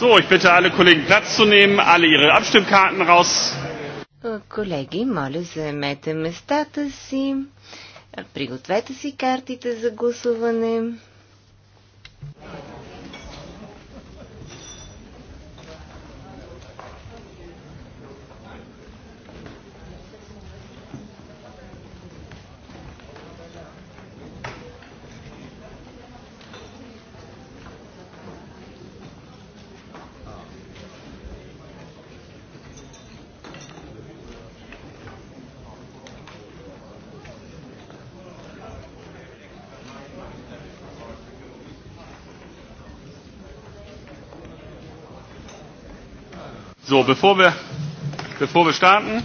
So, ich bitte alle Kollegen Platz zu nehmen, alle ihre Abstimmkarten raus. Колеги, моля, заемете местата си. Пригответе си картите за гласуване. So, bevor wir, bevor wir starten,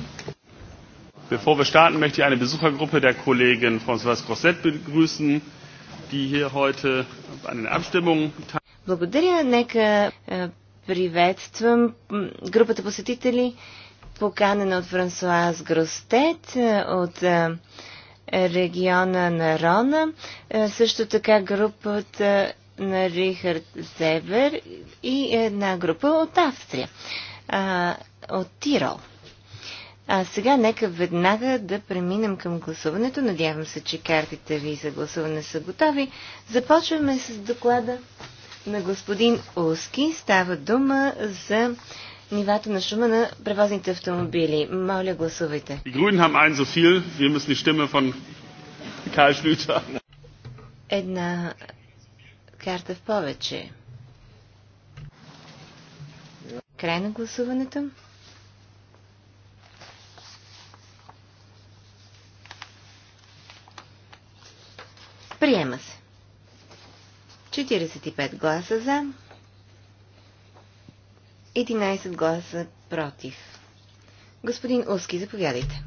bevor wir starten, möchte ich eine Besuchergruppe der Kollegin Françoise Grosset begrüßen, die hier heute an den Abstimmungen teilnimmt. Благодаря. Нека приветствам групата посетители, поканена от Франсуаз Гростет от региона на Рона, също така групата на Рихард Зебер и една група от Австрия а, от Тирол. А сега нека веднага да преминем към гласуването. Надявам се, че картите ви за гласуване са готови. Започваме с доклада на господин Уски. Става дума за нивата на шума на превозните автомобили. Моля, гласувайте. Една карта в повече. Край на гласуването. Приема се. 45 гласа за, 11 гласа против. Господин Уски, заповядайте.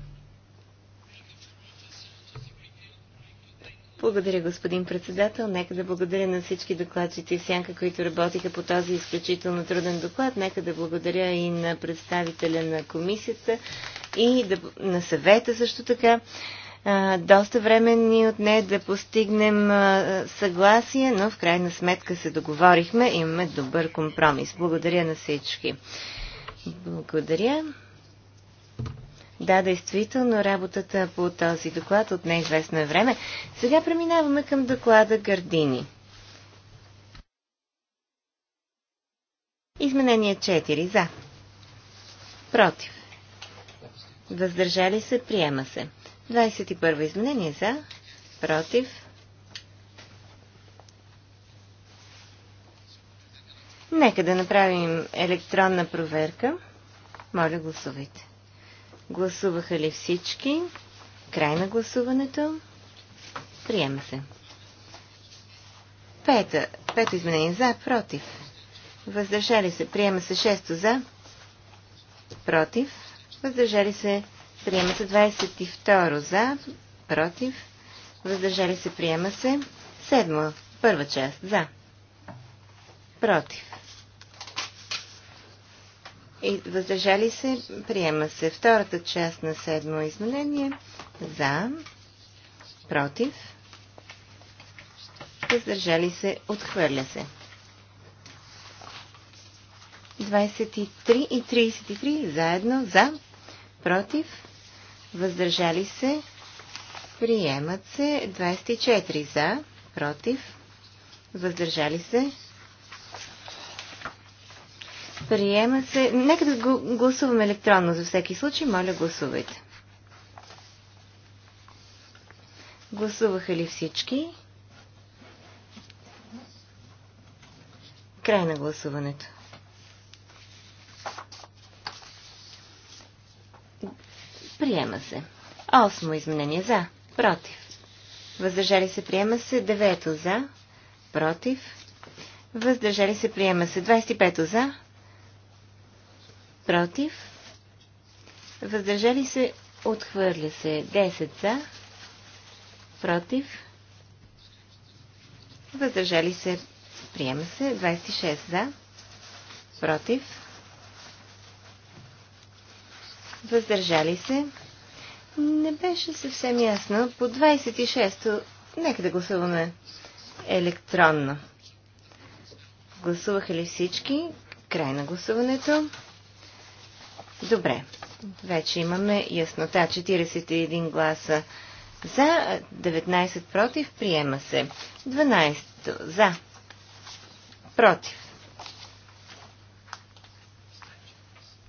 Благодаря, господин председател. Нека да благодаря на всички докладчици и сянка, които работиха по този изключително труден доклад. Нека да благодаря и на представителя на комисията и да, на съвета също така. А, доста време ни отне да постигнем а, съгласие, но в крайна сметка се договорихме. И Имаме добър компромис. Благодаря на всички. Благодаря. Да, действително, работата по този доклад от неизвестно е време. Сега преминаваме към доклада Гърдини. Изменение 4. За. Против. Въздържали се. Приема се. 21 изменение. За. Против. Нека да направим електронна проверка. Моля, гласувайте. Гласуваха ли всички? Край на гласуването. Приема се. Пета. Пето изменение за, против. Въздържали се. Приема се 6 за. Против. Въздържали се. Приема се 22 за. Против. Въздържали се. Приема се. Седмо. Първа част. За. Против и въздържали се, приема се. Втората част на седмо изменение за, против, въздържали се, отхвърля се. 23 и 33 заедно за, против, въздържали се, приемат се 24 за, против, въздържали се, Приема се. Нека да гласуваме електронно за всеки случай. Моля, гласувайте. Гласуваха ли всички? Край на гласуването. Приема се. Осмо изменение за. Против. Въздържали се приема се. Девето за. Против. Въздържали се приема се. 25 за против, въздържали се, отхвърля се 10 за, против, въздържали се, приема се 26 за, против, въздържали се, не беше съвсем ясно, по 26-то, нека да гласуваме електронно. Гласуваха ли всички? Край на гласуването. Добре, вече имаме яснота. 41 гласа за, 19 против, приема се. 12 за, против.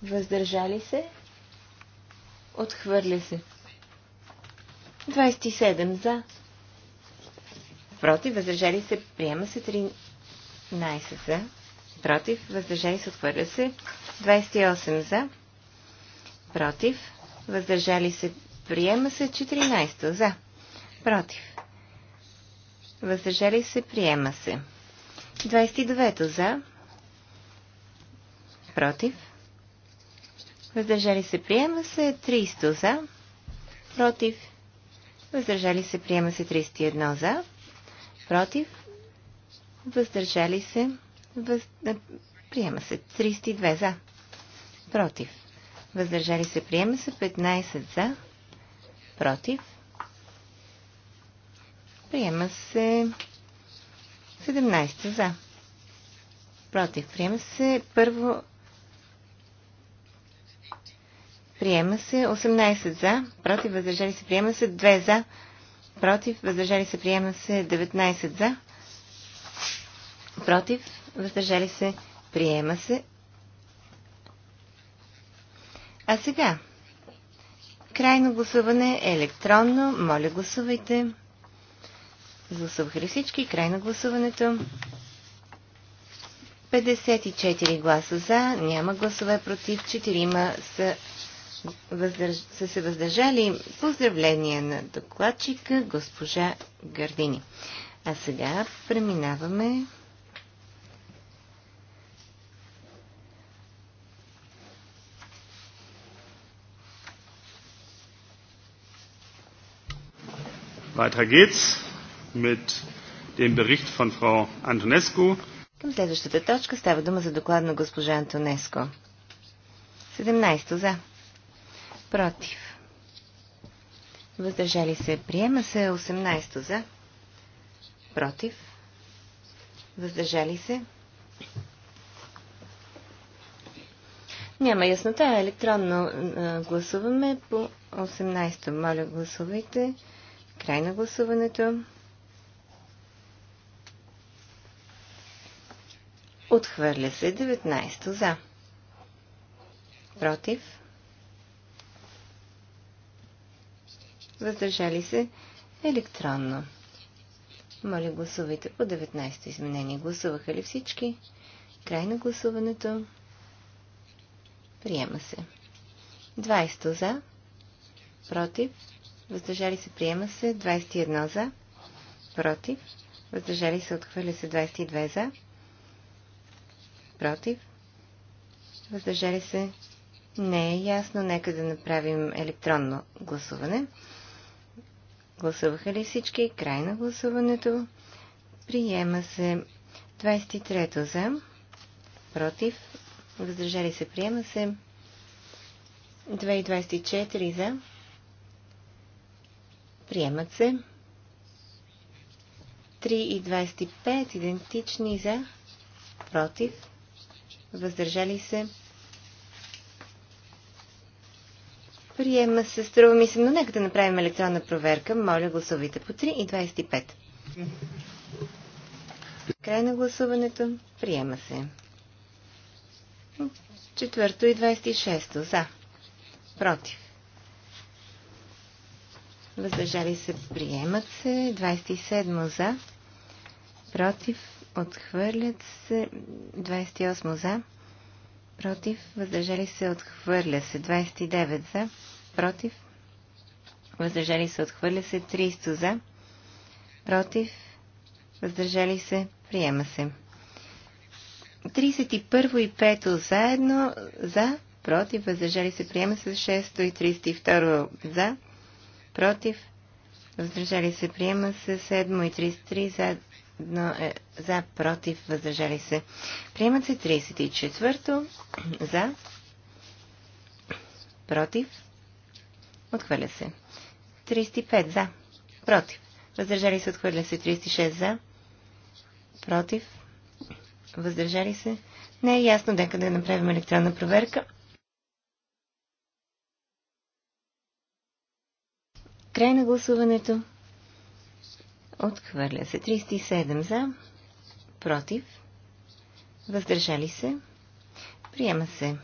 Въздържали се? Отхвърля се. 27 за. Против, въздържали се, приема се 13 за. Против, въздържали се, отхвърля се. 28 за против, въздържали се, приема се 14 за, против, въздържали се, приема се. 29 за, против, въздържали се, приема се 300 за, против, въздържали се, приема се 31 за, против, въздържали се, въз... приема се 32 за, против въздържали се, приема се 15 за, против, приема се 17 за, против, приема се първо, приема се 18 за, против, въздържали се, приема се 2 за, против, въздържали се, приема се 19 за, против, въздържали се, приема се а сега, крайно гласуване е електронно. Моля, гласувайте. Гласуваха ли всички? Край на гласуването. 54 гласа за, няма гласове против, 4 са, въздърж... са се въздържали. Поздравления на докладчика госпожа Гардини. А сега преминаваме Weiter geht's mit dem Bericht von Frau Antonescu. Към следващата точка става дума за доклад на госпожа Антонеско. 17 за. Против. Въздържали се. Приема се 18 за. Против. Въздържали се. Няма яснота. Електронно гласуваме по 18. Моля, гласувайте. Край на гласуването. Отхвърля се 19 за. Против. Въздържали се електронно. Моля гласувайте по 19 изменение. Гласуваха ли всички? Край на гласуването. Приема се. 20 за. Против въздържали се, приема се, 21 за, против, въздържали се, отхвърля се, 22 за, против, въздържали се, не е ясно, нека да направим електронно гласуване. Гласуваха ли всички? Край на гласуването. Приема се 23 за, против, въздържали се, приема се 224 за, Приемат се. 3 и 25 идентични за, против, въздържали се. Приема се, струва ми се, но нека да направим електронна проверка. Моля, гласувайте по 3 и 25. Край на гласуването. Приема се. Четвърто и 26. За. Против въздържали се, приемат се. 27 за, против, отхвърлят се. 28 за, против, въздържали се, отхвърля се. 29 за, против, въздържали се, отхвърля се. 30 за, против, въздържали се, приема се. 31 и 5 заедно, за, против, въздържали се, приема се 6 и 32 за, против, въздържали се, приема се 7 и 33 за, но, е, за против, въздържали се. Приемат се 34 за, против, отхвърля се. 35 за, против, въздържали се, отхвърля се 36 за, против, въздържали се. Не е ясно, нека да направим електронна проверка. Край на гласуването. Отхвърля се. 37 за. Против. Въздържали се. Приема се.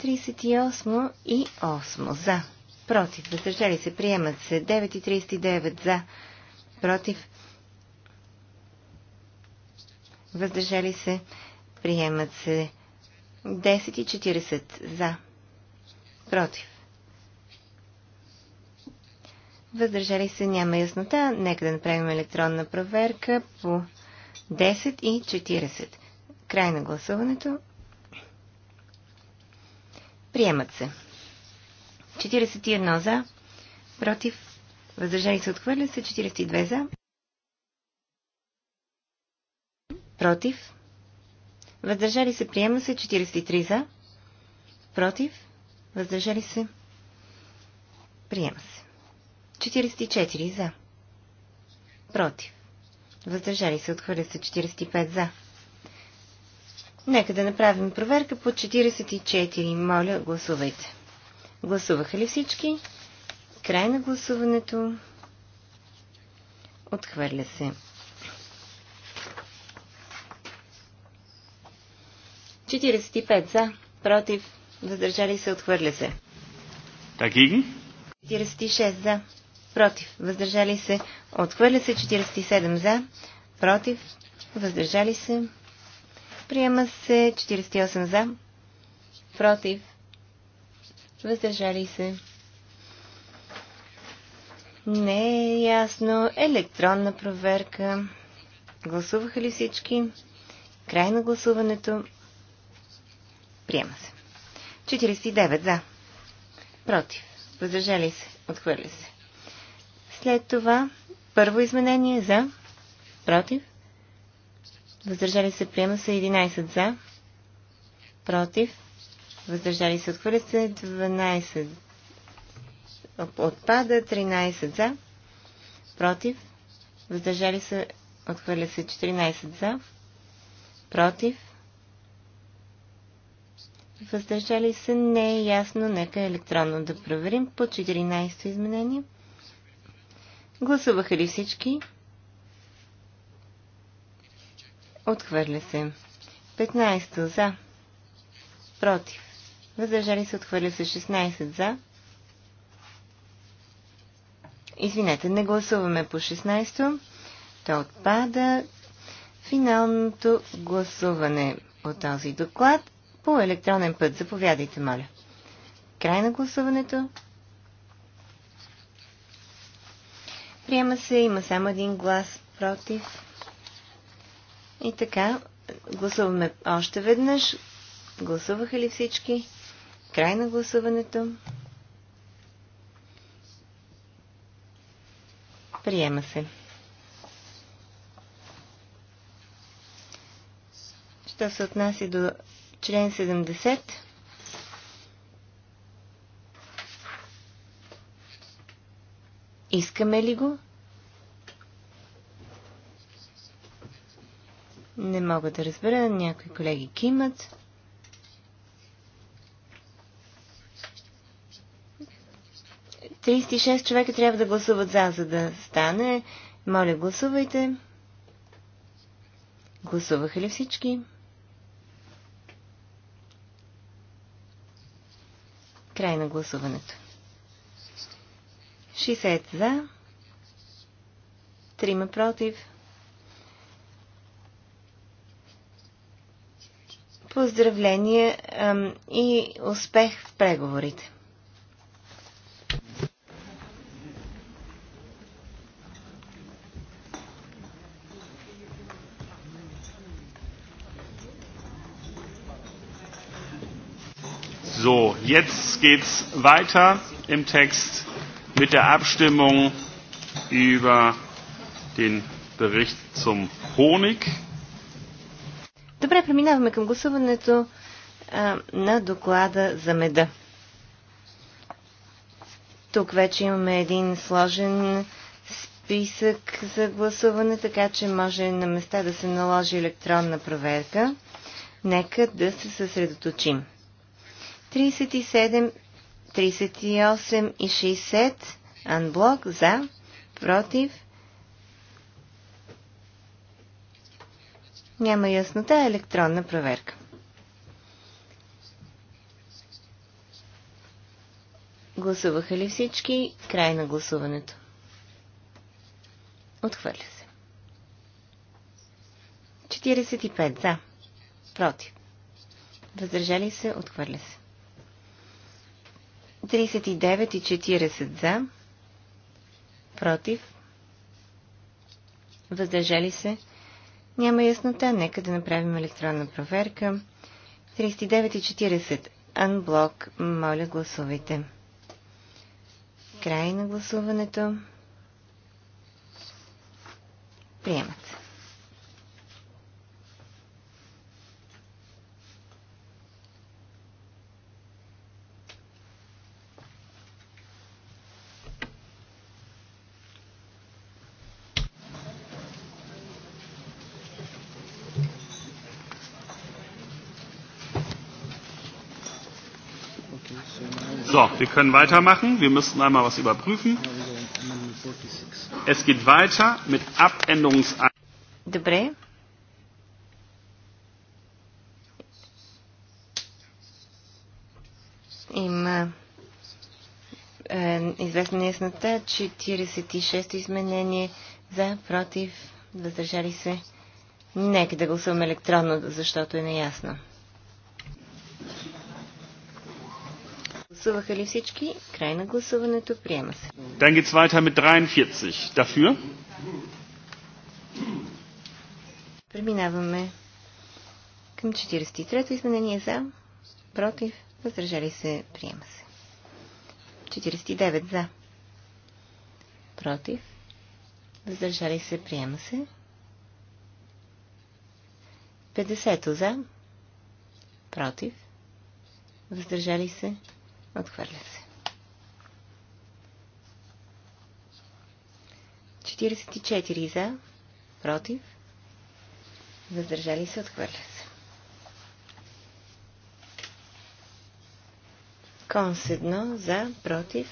38 и 8 за. Против. Въздържали се. Приемат се. 9 и 39 за. Против. Въздържали се. Приемат се. 10 и 40 за. Против въздържали се няма яснота. Нека да направим електронна проверка по 10 и 40. Край на гласуването. Приемат се. 41 за, против, въздържали се отхвърля се, 42 за, против, въздържали се приема се, 43 за, против, въздържали се, приема се. 44 за. Против. Въздържали се отхвърля се 45 за. Нека да направим проверка по 44. Моля, гласувайте. Гласуваха ли всички? Край на гласуването. Отхвърля се. 45 за, против, въздържали се, отхвърля се. ги? 46 за, против, въздържали се, отхвърля се 47 за, против, въздържали се, приема се 48 за, против, въздържали се. Не е ясно. Електронна проверка. Гласуваха ли всички? Край на гласуването. Приема се. 49 за. Против. Въздържали се. Отхвърля се. След това първо изменение за, против, въздържали се, приема се 11 за, против, въздържали се, отхвърля се 12 отпада, 13 за, против, въздържали се, отхвърля се 14 за, против, въздържали се, не е ясно, нека електронно да проверим по 14 изменение. Гласуваха ли всички? Отхвърля се. 15 за. Против. Въздържали се отхвърля се 16 за. Извинете, не гласуваме по 16-то. То отпада. Финалното гласуване от този доклад по електронен път. Заповядайте, моля. Край на гласуването. Приема се, има само един глас против. И така, гласуваме още веднъж. Гласуваха ли всички? Край на гласуването. Приема се. Що се отнася до член 70? Искаме ли го? Не мога да разбера. Някои колеги кимат. Ки 36 човека трябва да гласуват за, за да стане. Моля, гласувайте. Гласуваха ли всички? Край на гласуването. 60 за, 3 против. Поздравления и успех в преговорите! So, jetzt geht's weiter im Text mit der Abstimmung über den Bericht zum Honig. Добре, преминаваме към гласуването а, на доклада за меда. Тук вече имаме един сложен списък за гласуване, така че може на места да се наложи електронна проверка. Нека да се съсредоточим. 37 38 и 60 анблок за, против. Няма яснота, електронна проверка. Гласуваха ли всички? Край на гласуването. Отхвърля се. 45 за. Против. Въздържали се, отхвърля се. 39 и 40 за, против, въздържали се. Няма яснота, нека да направим електронна проверка. 39 и 40. Анблок, моля гласувайте. Край на гласуването. Приема. So, wir können weitermachen. Wir müssten einmal was überprüfen. Es geht weiter mit Abänderungs... Добре. Има е, известна неяснота. 46 изменение за, против, въздържали се. Нека да гласуваме електронно, защото е неясно. Гласуваха ли всички? Край на гласуването. Приема се. Dann geht's weiter mit 43. Dafür? Преминаваме към 43-то изменение за, против, въздържали се, приема се. 49 за, против, въздържали се, приема се. 50 за, против, въздържали се, Отхвърля се. 44 за, против, въздържали се, отхвърля се. Конс 1 за, против,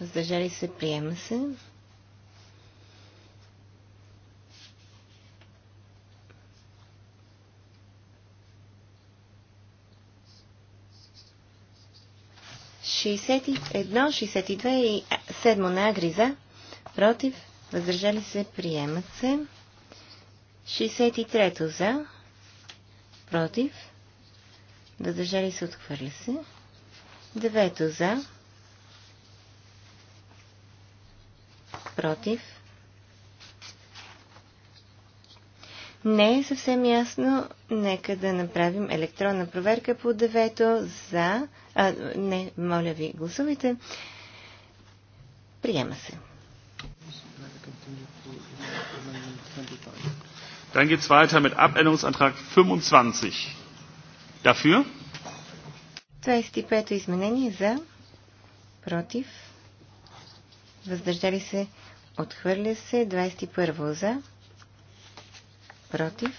въздържали се, приема се. 61, 62 и 7 на Агриза. за, против, въздържали се, приемат се. 63 за, против, въздържали се, отхвърля се. 9 за, против, не е съвсем ясно, нека да направим електронна проверка по девето за... А, не, моля ви, гласувайте. Приема се. Dann geht's weiter mit Abänderungsantrag 25. Dafür? 25 изменение за, против, въздържали се, отхвърля се, 21 за, против,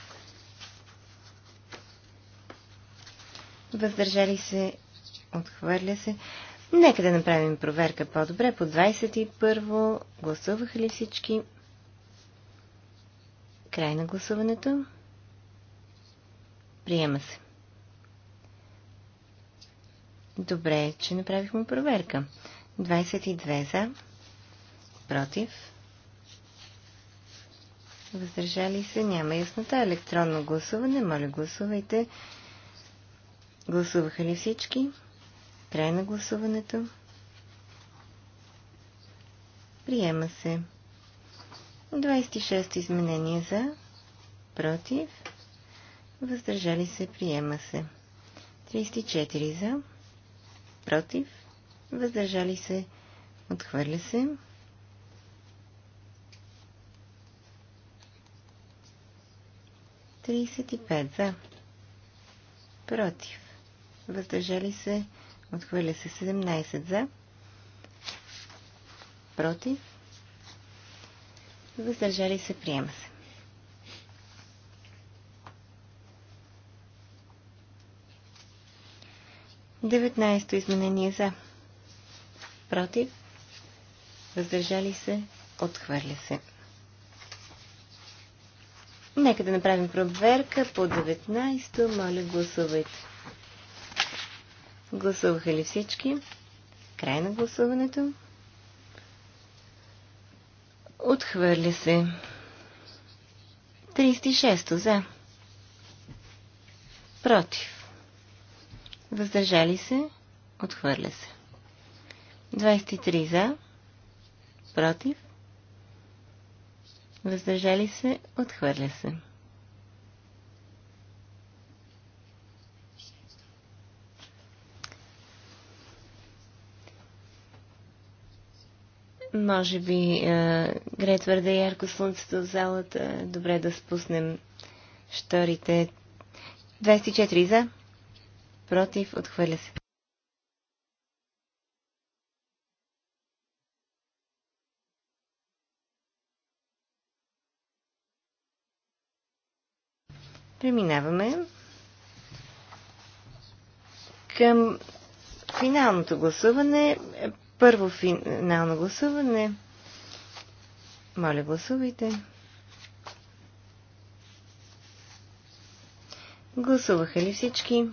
въздържали се, отхвърля се. Нека да направим проверка по-добре. По 21 гласуваха ли всички? Край на гласуването. Приема се. Добре, че направихме проверка. 22 за, против, въздържали се, няма яснота. Електронно гласуване, моля гласувайте. Гласуваха ли всички? Край на гласуването. Приема се. 26 изменения за, против, въздържали се, приема се. 34 за, против, въздържали се, отхвърля се. 35 за. Против. Въздържали се. Отхвърля се 17 за. Против. Въздържали се. Приема се. Деветнайсто изменение за. Против. Въздържали се. Отхвърля се. Нека да направим проверка по 19-то. Моля, гласувайте. Гласуваха ли всички? Край на гласуването. Отхвърля се. 36-то за. Против. Въздържали се. Отхвърля се. 23 за. Против. Въздържали се, отхвърля се. Може би е, гре твърде ярко слънцето в залата. Добре да спуснем шторите. 24 за. Против. Отхвърля се. Преминаваме към финалното гласуване. Първо финално гласуване. Моля, гласувайте. Гласуваха ли всички?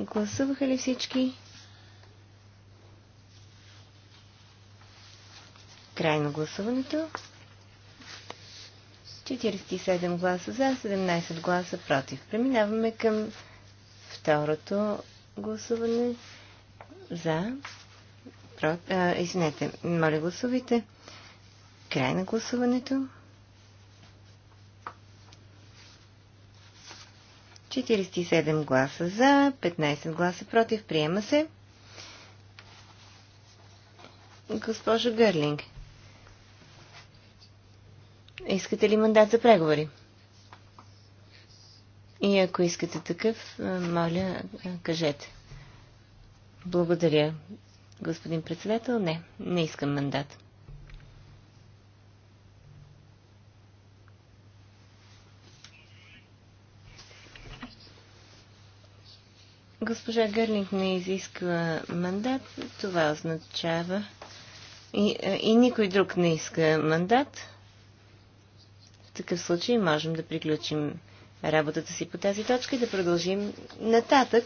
Гласуваха ли всички? Край на гласуването. 47 гласа за, 17 гласа против. Преминаваме към второто гласуване за. Про... А, извинете, моля гласувайте. Край на гласуването. 47 гласа за, 15 гласа против. Приема се. Госпожо Гърлинг. Искате ли мандат за преговори? И ако искате такъв, е, моля, е, кажете. Благодаря, господин председател. Не, не искам мандат. Госпожа Гърлинг не изисква мандат. Това означава. И, е, и никой друг не иска мандат такъв случай можем да приключим работата си по тази точка и да продължим нататък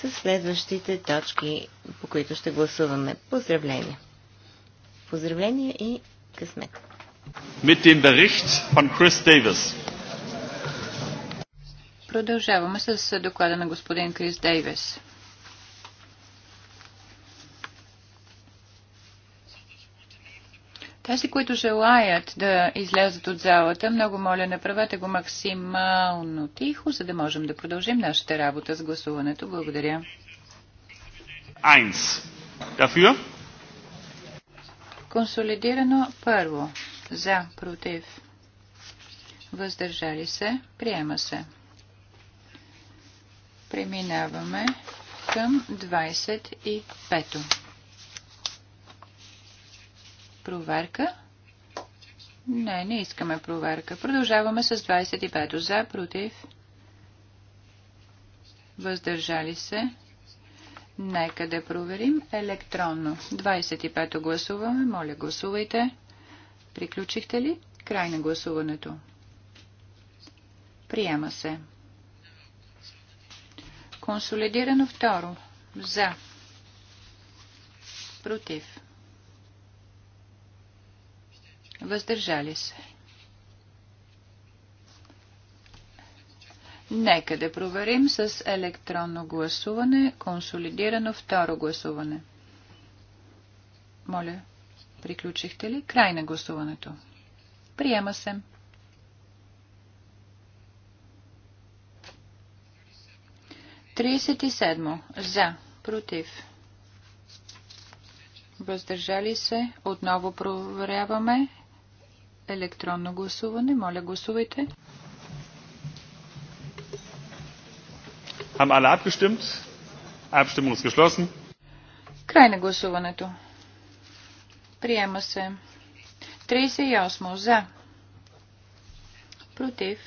с следващите точки, по които ще гласуваме. Поздравления! Поздравления и късмет! Mit dem Bericht von Chris Davis. Продължаваме с доклада на господин Крис Дейвис. Тези, които желаят да излязат от залата, много моля, направете го максимално тихо, за да можем да продължим нашата работа с гласуването. Благодаря. Айнс. Дафюр? Консолидирано първо. За, против. Въздържали се. Приема се. Преминаваме към 25-то. Проверка. Не, не искаме проверка. Продължаваме с 25 за, против. Въздържали се. Нека да проверим електронно. 25-то гласуваме. Моля, гласувайте. Приключихте ли? Край на гласуването. Приема се. Консолидирано второ. За. Против. Въздържали се. Нека да проверим с електронно гласуване, консолидирано второ гласуване. Моля, приключихте ли? Край на гласуването. Приема се. 37. За. Против. Въздържали се. Отново проверяваме електронно гласуване. Моля, гласувайте. Haben alle abgestimmt? Abstimmung ist geschlossen. Край на гласуването. Приема се. 38 за. Против.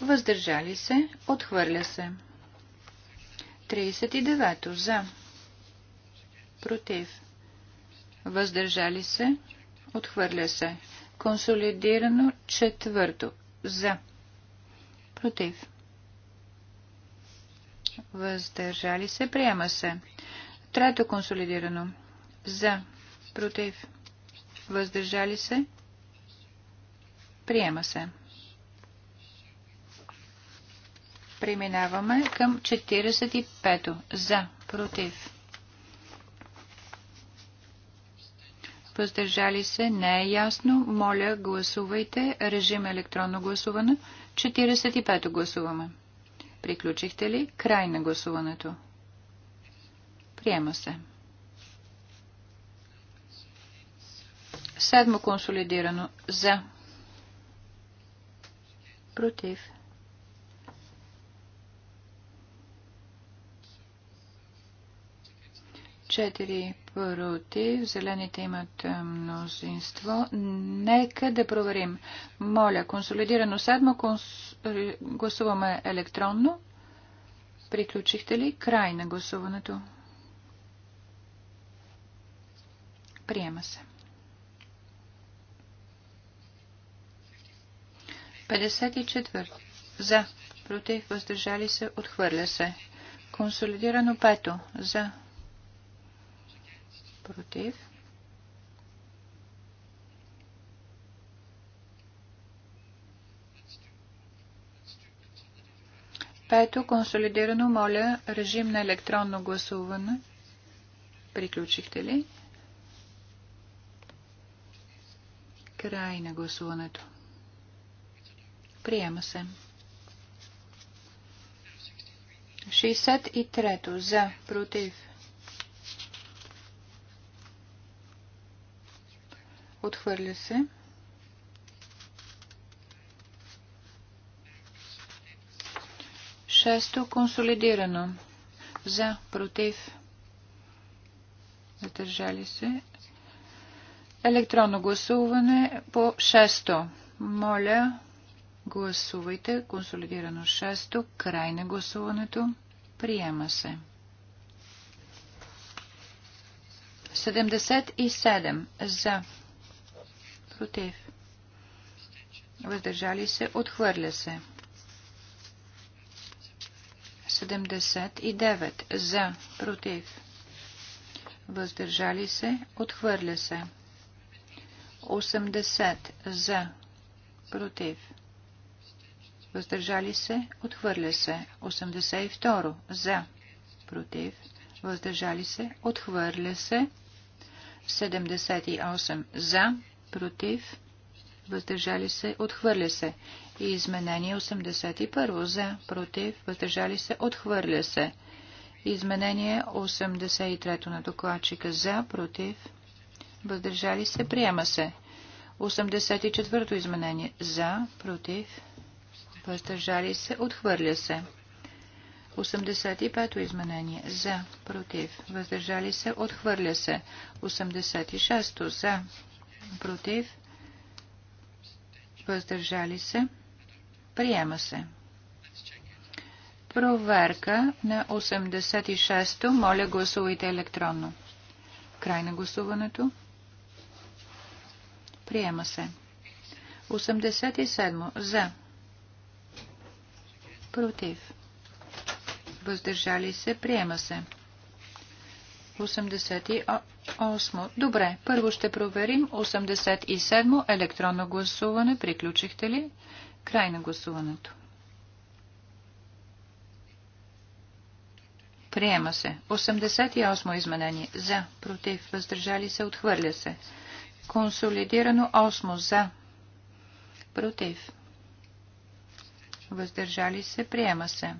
Въздържали се. Отхвърля се. 39 за. Против въздържали се, отхвърля се. Консолидирано четвърто за, против, въздържали се, приема се. Трето консолидирано за, против, въздържали се, приема се. Преминаваме към 45. то За, против, въздържали се, не е ясно. Моля, гласувайте. Режим е електронно гласуване. 45-то гласуваме. Приключихте ли? Край на гласуването. Приема се. Седмо консолидирано. За. Против. Четири против. Зелените имат е, мнозинство. Нека да проверим. Моля, консолидирано седмо. Конс... Гласуваме електронно. Приключихте ли? Край на гласуването. Приема се. 54. За. Против. Въздържали се. Отхвърля се. Консолидирано пето. За. Против. Пето, консолидирано, моля, режим на електронно гласуване. Приключихте ли? Край на гласуването. Приема се. 63 за, против, Отхвърля се. Шесто консолидирано. За, против, задържали се. Електронно гласуване по шесто. Моля, гласувайте. Консолидирано шесто. Край на гласуването. Приема се. 77 за против, въздържали се, отхвърля се. 79 за, против, въздържали се, отхвърля се. 80 за, против, въздържали се, отхвърля се. 82 за, против, въздържали се, отхвърля се. 78 за, против, въздържали се, отхвърля се. И изменение 81 за, против, въздържали се, отхвърля се. Изменение 83 на докладчика за, против, въздържали се, приема се. 84 то изменение за, против, въздържали се, отхвърля се. 85-то изменение. За. Против. Въздържали се. Отхвърля се. 86-то. За против, въздържали се, приема се. Проверка на 86-то. Моля, гласувайте електронно. Край на гласуването. Приема се. 87. За. Против. Въздържали се. Приема се. 88. Осмо. Добре, първо ще проверим 87 електронно гласуване. Приключихте ли? Край на гласуването. Приема се. 88 изменение. За. Против. Въздържали се. Отхвърля се. Консолидирано 8. За. Против. Въздържали се. Приема се.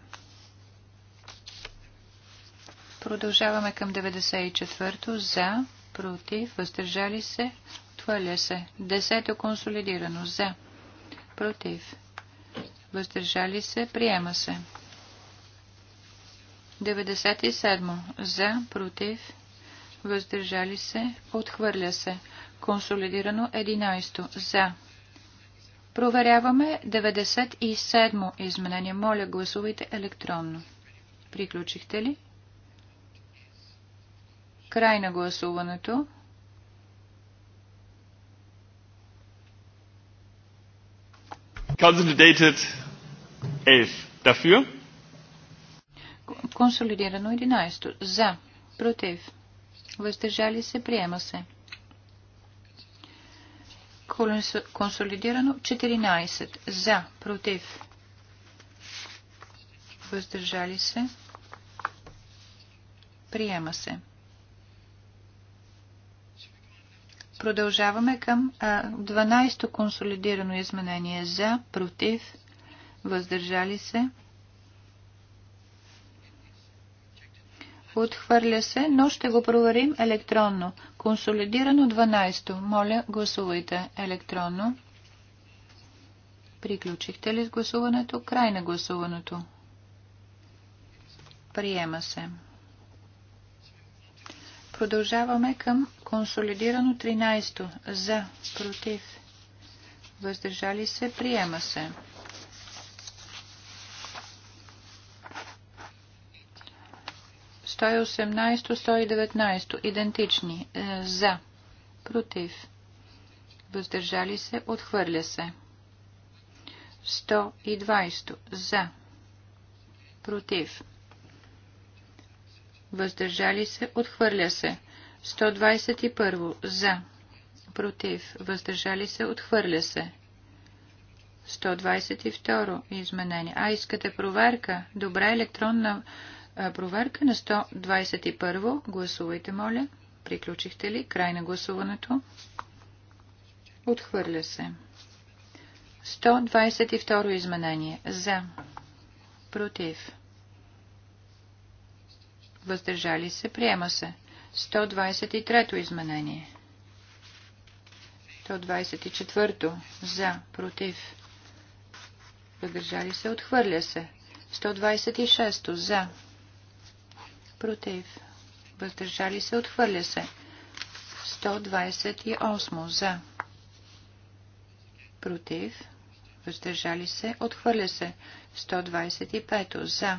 Продължаваме към 94-то. За, против, въздържали се, отваля се. Десето консолидирано. За, против, въздържали се, приема се. 97. За, против, въздържали се, отхвърля се. Консолидирано 11. За. Проверяваме 97 изменение. Моля, гласувайте електронно. Приключихте ли? Край на гласуването. Consolidated 11. Dafür? Консолидирано 11. За. Против. Въздържали се. Приема се. Консолидирано 14. За. Против. Въздържали се. Приема се. Продължаваме към 12-то консолидирано изменение за, против, въздържали се. Отхвърля се, но ще го проверим електронно. Консолидирано 12-то. Моля, гласувайте електронно. Приключихте ли с гласуването? Край на гласуването. Приема се. Продължаваме към консолидирано 13-то. За, против, въздържали се, приема се. Сто 119 идентични. Е, за, против, въздържали се, отхвърля се. 120 за, против, въздържали се, отхвърля се. 121. За, против, въздържали се, отхвърля се. 122. Изменение. А, искате проверка? Добра електронна проверка на 121. Гласувайте, моля. Приключихте ли? Край на гласуването. Отхвърля се. 122 изменение. За. Против въздържали се, приема се. 123-то изменение. 124-то за, против, въздържали се, отхвърля се. 126-то за, против, въздържали се, отхвърля се. 128 за. Против. Въздържали се. Отхвърля се. 125 за.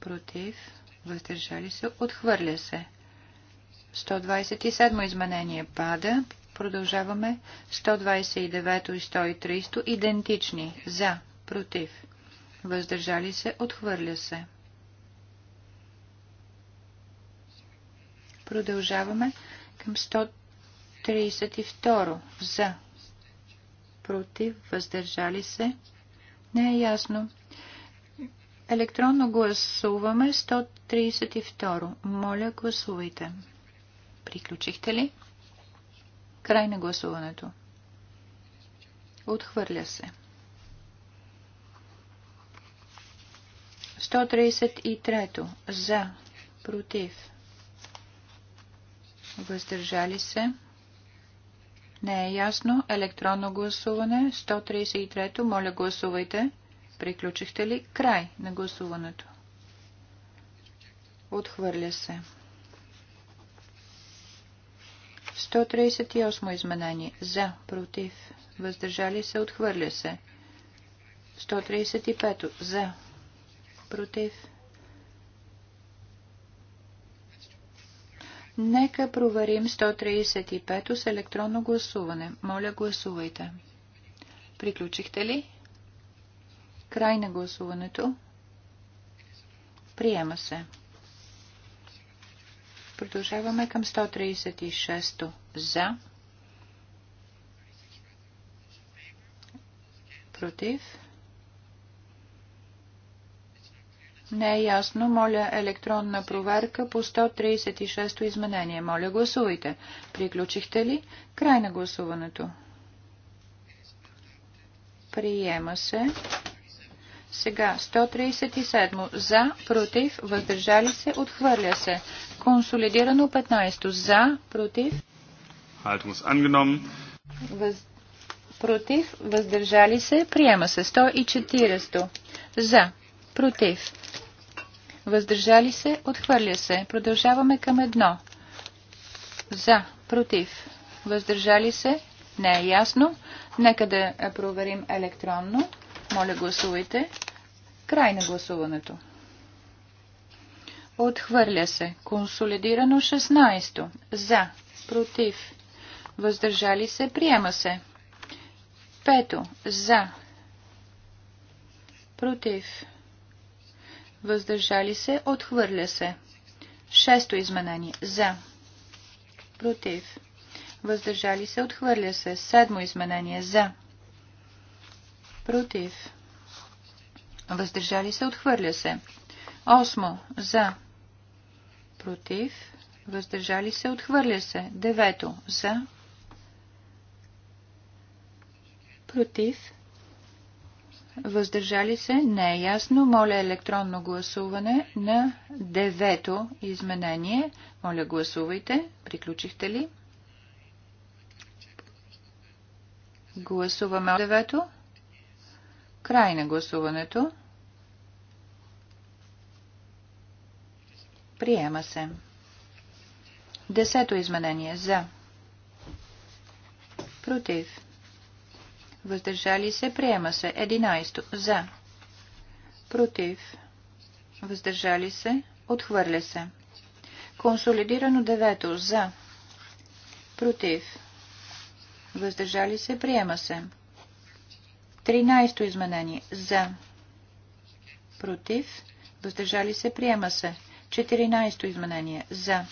Против въздържали се, отхвърля се. 127 изменение пада. Продължаваме. 129 и 130 идентични. За, против. Въздържали се, отхвърля се. Продължаваме към 132. За, против, въздържали се. Не е ясно. Електронно гласуваме 132. Моля, гласувайте. Приключихте ли? Край на гласуването. Отхвърля се. 133. За. Против. Въздържали се. Не е ясно. Електронно гласуване. 133. Моля, гласувайте. Приключихте ли край на гласуването? Отхвърля се. 138 изменение. За, против, въздържали се, отхвърля се. 135. За, против. Нека проверим 135 с електронно гласуване. Моля, гласувайте. Приключихте ли? Край на гласуването. Приема се. Продължаваме към 136 за. Против. Не е ясно. Моля електронна проверка по 136 изменение. Моля гласувайте. Приключихте ли? Край на гласуването. Приема се. Сега 137 за, против, въздържали се, отхвърля се. Консолидирано 15 за, против. Haltung ist angenommen. Въз... Против, въздържали се, приема се 140 за, против. Въздържали се, отхвърля се. Продължаваме към едно. За, против. Въздържали се, не е ясно. Нека да проверим електронно. Моля, гласувайте. Край на гласуването. Отхвърля се. Консолидирано 16. то За. Против. Въздържали се. Приема се. Пето. За. Против. Въздържали се. Отхвърля се. Шесто изменение. За. Против. Въздържали се. Отхвърля се. Седмо изменение. За. Против. Въздържали се. Отхвърля се. Осмо. За. Против. Въздържали се. Отхвърля се. Девето. За. Против. Въздържали се? Не е ясно. Моля електронно гласуване на девето изменение. Моля гласувайте. Приключихте ли? Гласуваме девето. Край на гласуването. Приема се. Десето изменение. За. Против. Въздържали се. Приема се. Единайсто. За. Против. Въздържали се. Отхвърля се. Консолидирано девето. За. Против. Въздържали се. Приема се. 13-то изменение. За. Против. Въздържали се. Приема се. 14-то изменение. За.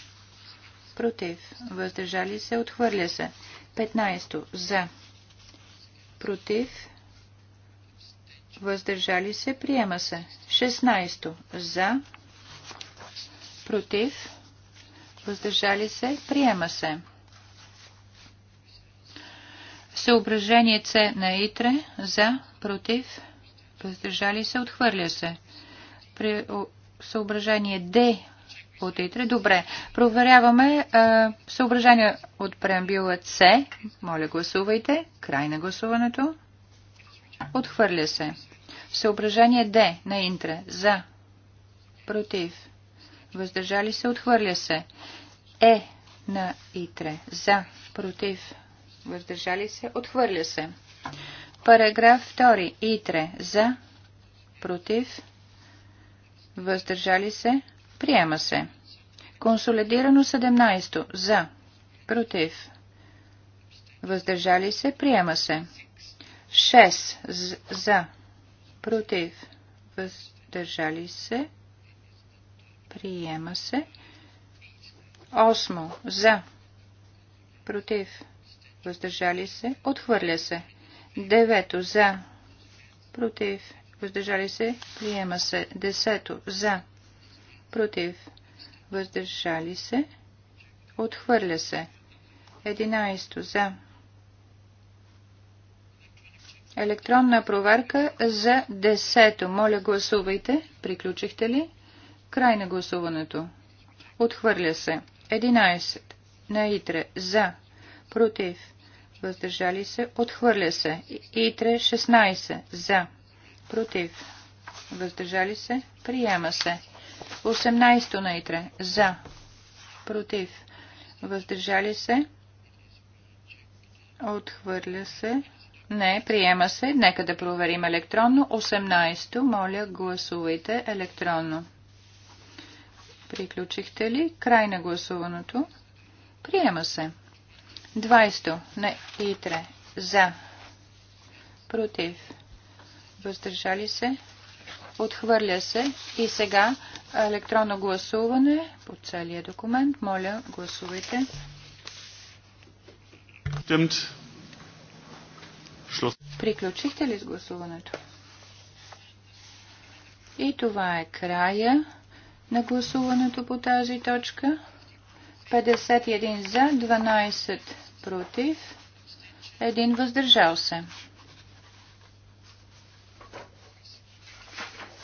Против. Въздържали се. Отхвърля се. 15-то. За. Против. Въздържали се. Приема се. 16-то. За. Против. Въздържали се. Приема се. Съображение С на ИТРЕ за, против, въздържали се, отхвърля се. При съображение Д от ИТРЕ, добре. Проверяваме а, съображение от преамбила С. Моля, гласувайте. Край на гласуването. Отхвърля се. Съображение Д на Интре. За. Против. Въздържали се. Отхвърля се. Е на Итре. За. Против въздържали се, отхвърля се. Параграф 2. Итре. За, против, въздържали се, приема се. Консолидирано 17. За, против, въздържали се, приема се. 6. За, против, въздържали се, приема се. 8. За, против, въздържали се, отхвърля се. Девето за, против, въздържали се, приема се. Десето за, против, въздържали се, отхвърля се. Единайсто за. Електронна проверка за десето. Моля, гласувайте. Приключихте ли? Край на гласуването. Отхвърля се. 11. На Наитре. За. Против въздържали се, отхвърля се. Итре 16 за, против, въздържали се, приема се. 18 на Итре за, против, въздържали се, отхвърля се. Не, приема се. Нека да проверим електронно. 18. Моля, гласувайте електронно. Приключихте ли? Край на гласуването. Приема се. 20 на Итре. За. Против. Въздържали се. Отхвърля се. И сега електронно гласуване по целия документ. Моля, гласувайте. Приключихте ли с гласуването? И това е края на гласуването по тази точка. 51 за, 12 против, един въздържал се.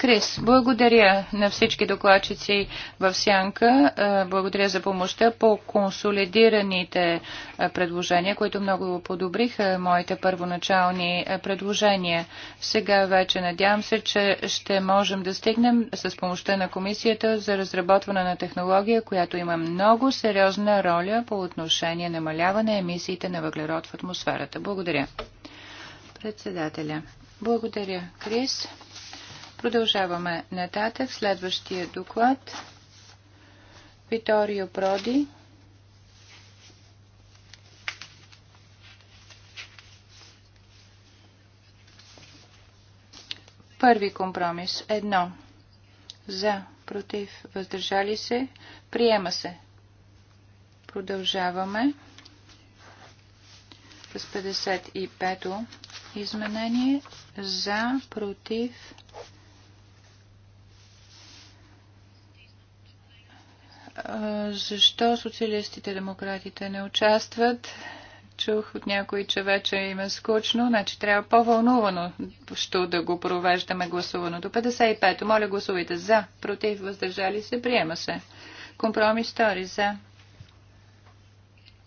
Крис, благодаря на всички докладчици в Сянка. Е, благодаря за помощта по консолидираните е, предложения, които много подобриха моите първоначални е, предложения. Сега вече надявам се, че ще можем да стигнем с помощта на комисията за разработване на технология, която има много сериозна роля по отношение намаляване емисиите на въглерод в атмосферата. Благодаря. Председателя. Благодаря, Крис. Продължаваме нататък. Следващия доклад. Виторио Проди. Първи компромис. Едно. За, против, въздържали се. Приема се. Продължаваме с 55-то изменение. За, против, въздържали се защо социалистите и демократите не участват. Чух от някои, че вече им е скучно, значи трябва по-вълнувано що да го провеждаме гласуваното. 55. Моля гласувайте за, против, въздържали се, приема се. Компромис втори за,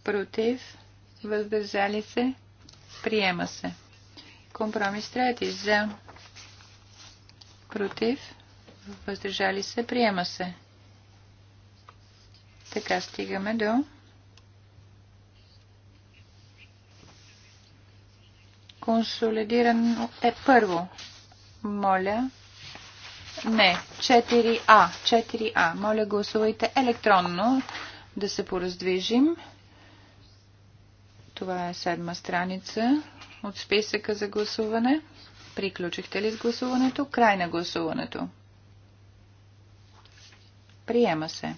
против, въздържали се, приема се. Компромис трети за, против, въздържали се, приема се. Така стигаме до консолидиран е първо. Моля. Не, 4А. 4А. Моля, гласувайте електронно да се пораздвижим. Това е седма страница от списъка за гласуване. Приключихте ли с гласуването? Край на гласуването. Приема се.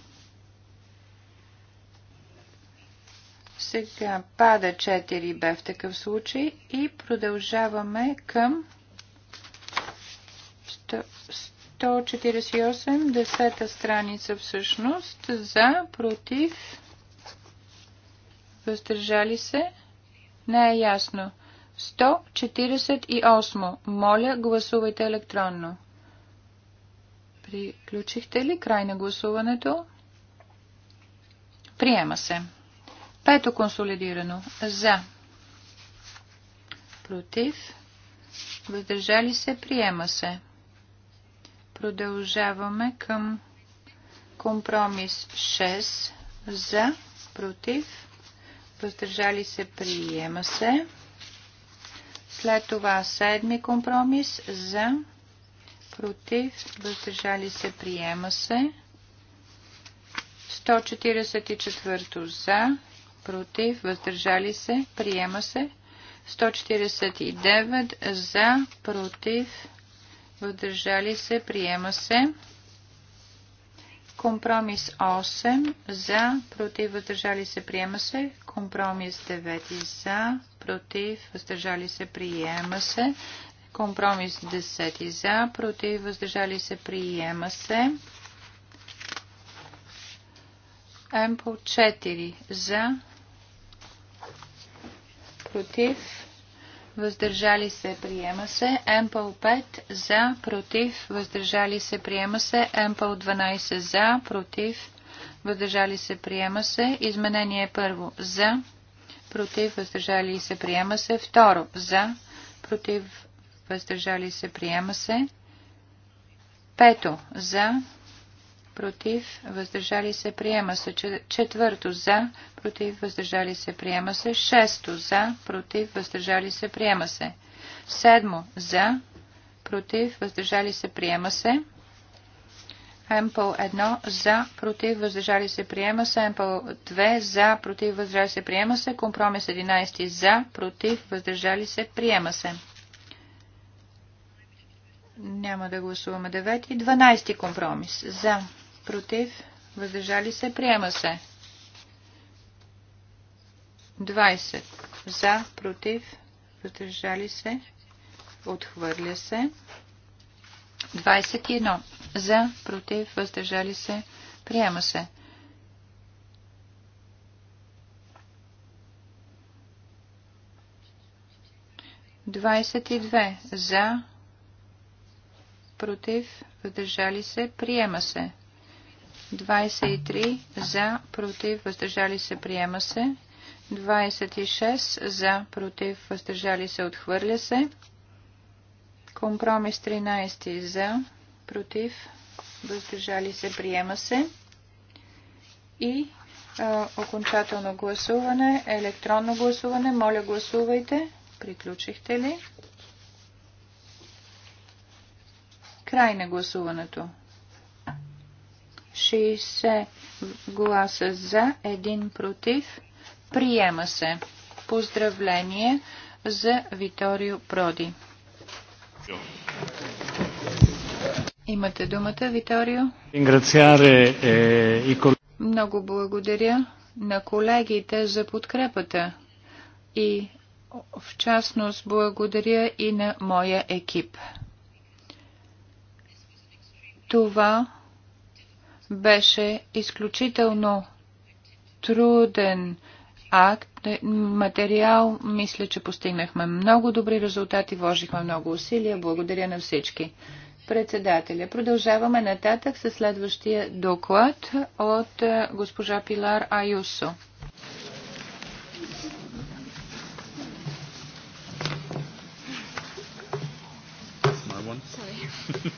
Сега пада 4b в такъв случай и продължаваме към 148, десета страница всъщност, за, против, въздържали се, не е ясно. 148. Моля, гласувайте електронно. Приключихте ли край на гласуването? Приема се. Пето консолидирано. За. Против. Въздържали се. Приема се. Продължаваме към компромис 6. За. Против. Въздържали се. Приема се. След това седми компромис. За. Против. Въздържали се. Приема се. 144 за против, въздържали се, приема се. 149 за, против, въздържали се, приема се. Компромис 8 за, против, въздържали се, приема се. Компромис 9 за, против, въздържали се, приема се. Компромис 10 за, против, въздържали се, приема се. Емпл 4 за, против, въздържали се, приема се. МПЛ 5 за, против, въздържали се, приема се. МПЛ 12 за, против, въздържали се, приема се. Изменение първо за, против, въздържали се, приема се. Второ за, против, въздържали се, приема се. Пето за, против, въздържали се, приема се. Четвърто за, против, въздържали се, приема се. Шесто за, против, въздържали се, приема се. Седмо за, против, въздържали се, приема се. МПЛ 1 за, против, въздържали се, приема се. МПЛ 2 за, против, въздържали се, приема се. Компромис 11 за, против, въздържали се, приема се. Няма да гласуваме 9. 12 компромис. За против, въздържали се, приема се. 20. За, против, въздържали се, отхвърля се. 21. За, против, въздържали се, приема се. 22. За, против, въздържали се, приема се. 23 за, против, въздържали се, приема се. 26 за, против, въздържали се, отхвърля се. Компромис 13 за, против, въздържали се, приема се. И а, окончателно гласуване, електронно гласуване. Моля, гласувайте. Приключихте ли? Край на гласуването. 60 гласа за, 1 против. Приема се. Поздравление за Виторио Проди. Имате думата, Виторио. Eh, Много благодаря на колегите за подкрепата и в частност благодаря и на моя екип. Това беше изключително труден акт, материал. Мисля, че постигнахме много добри резултати, вложихме много усилия. Благодаря на всички. Председателя. Продължаваме нататък със следващия доклад от е, госпожа Пилар Аюсо. Sorry.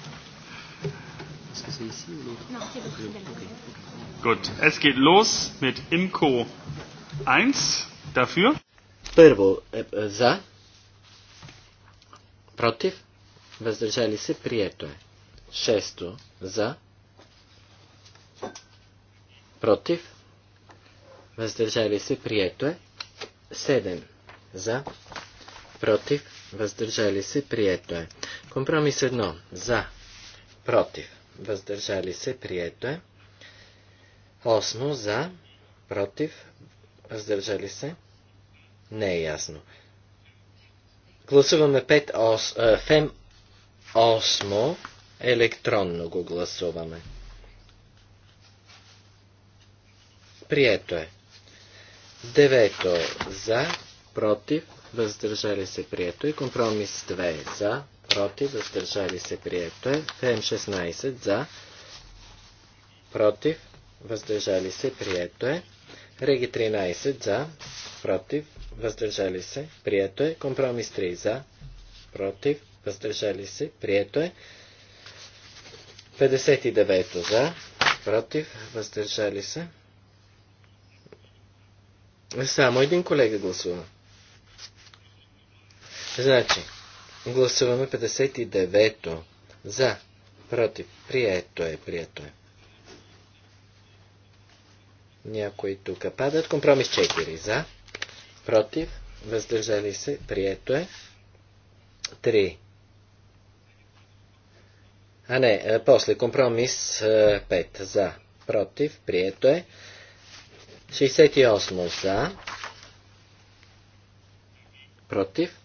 Gut, es geht los mit Imco 1. Dafür? Първо, е, е, за. Против. Въздържали се. Прието е. Шесто. За. Против. Въздържали се. Прието е. Седем. За. Против. Въздържали се. Прието е. Компромис едно. За. Против въздържали се, прието е. Осмо за, против, въздържали се, не е ясно. Гласуваме 5, э, фем 8, електронно го гласуваме. Прието е. Девето за, против, въздържали се, прието е. Компромис 2 за, против, въздържали се, прието е. ФМ 16 за, против, въздържали се, прието е. Реги 13 за, против, въздържали се, прието е. Компромис 3 за, против, въздържали се, прието е. 59 за, против, въздържали се. Само един колега гласува. Значи, Гласуваме 59-то. За. Против. Прието е. Прието е. Някои тук падат. Компромис 4. За. Против. Въздържали се. Прието е. 3. А не, е, после компромис 5. Е, за. Против. Прието е. 68 за. Против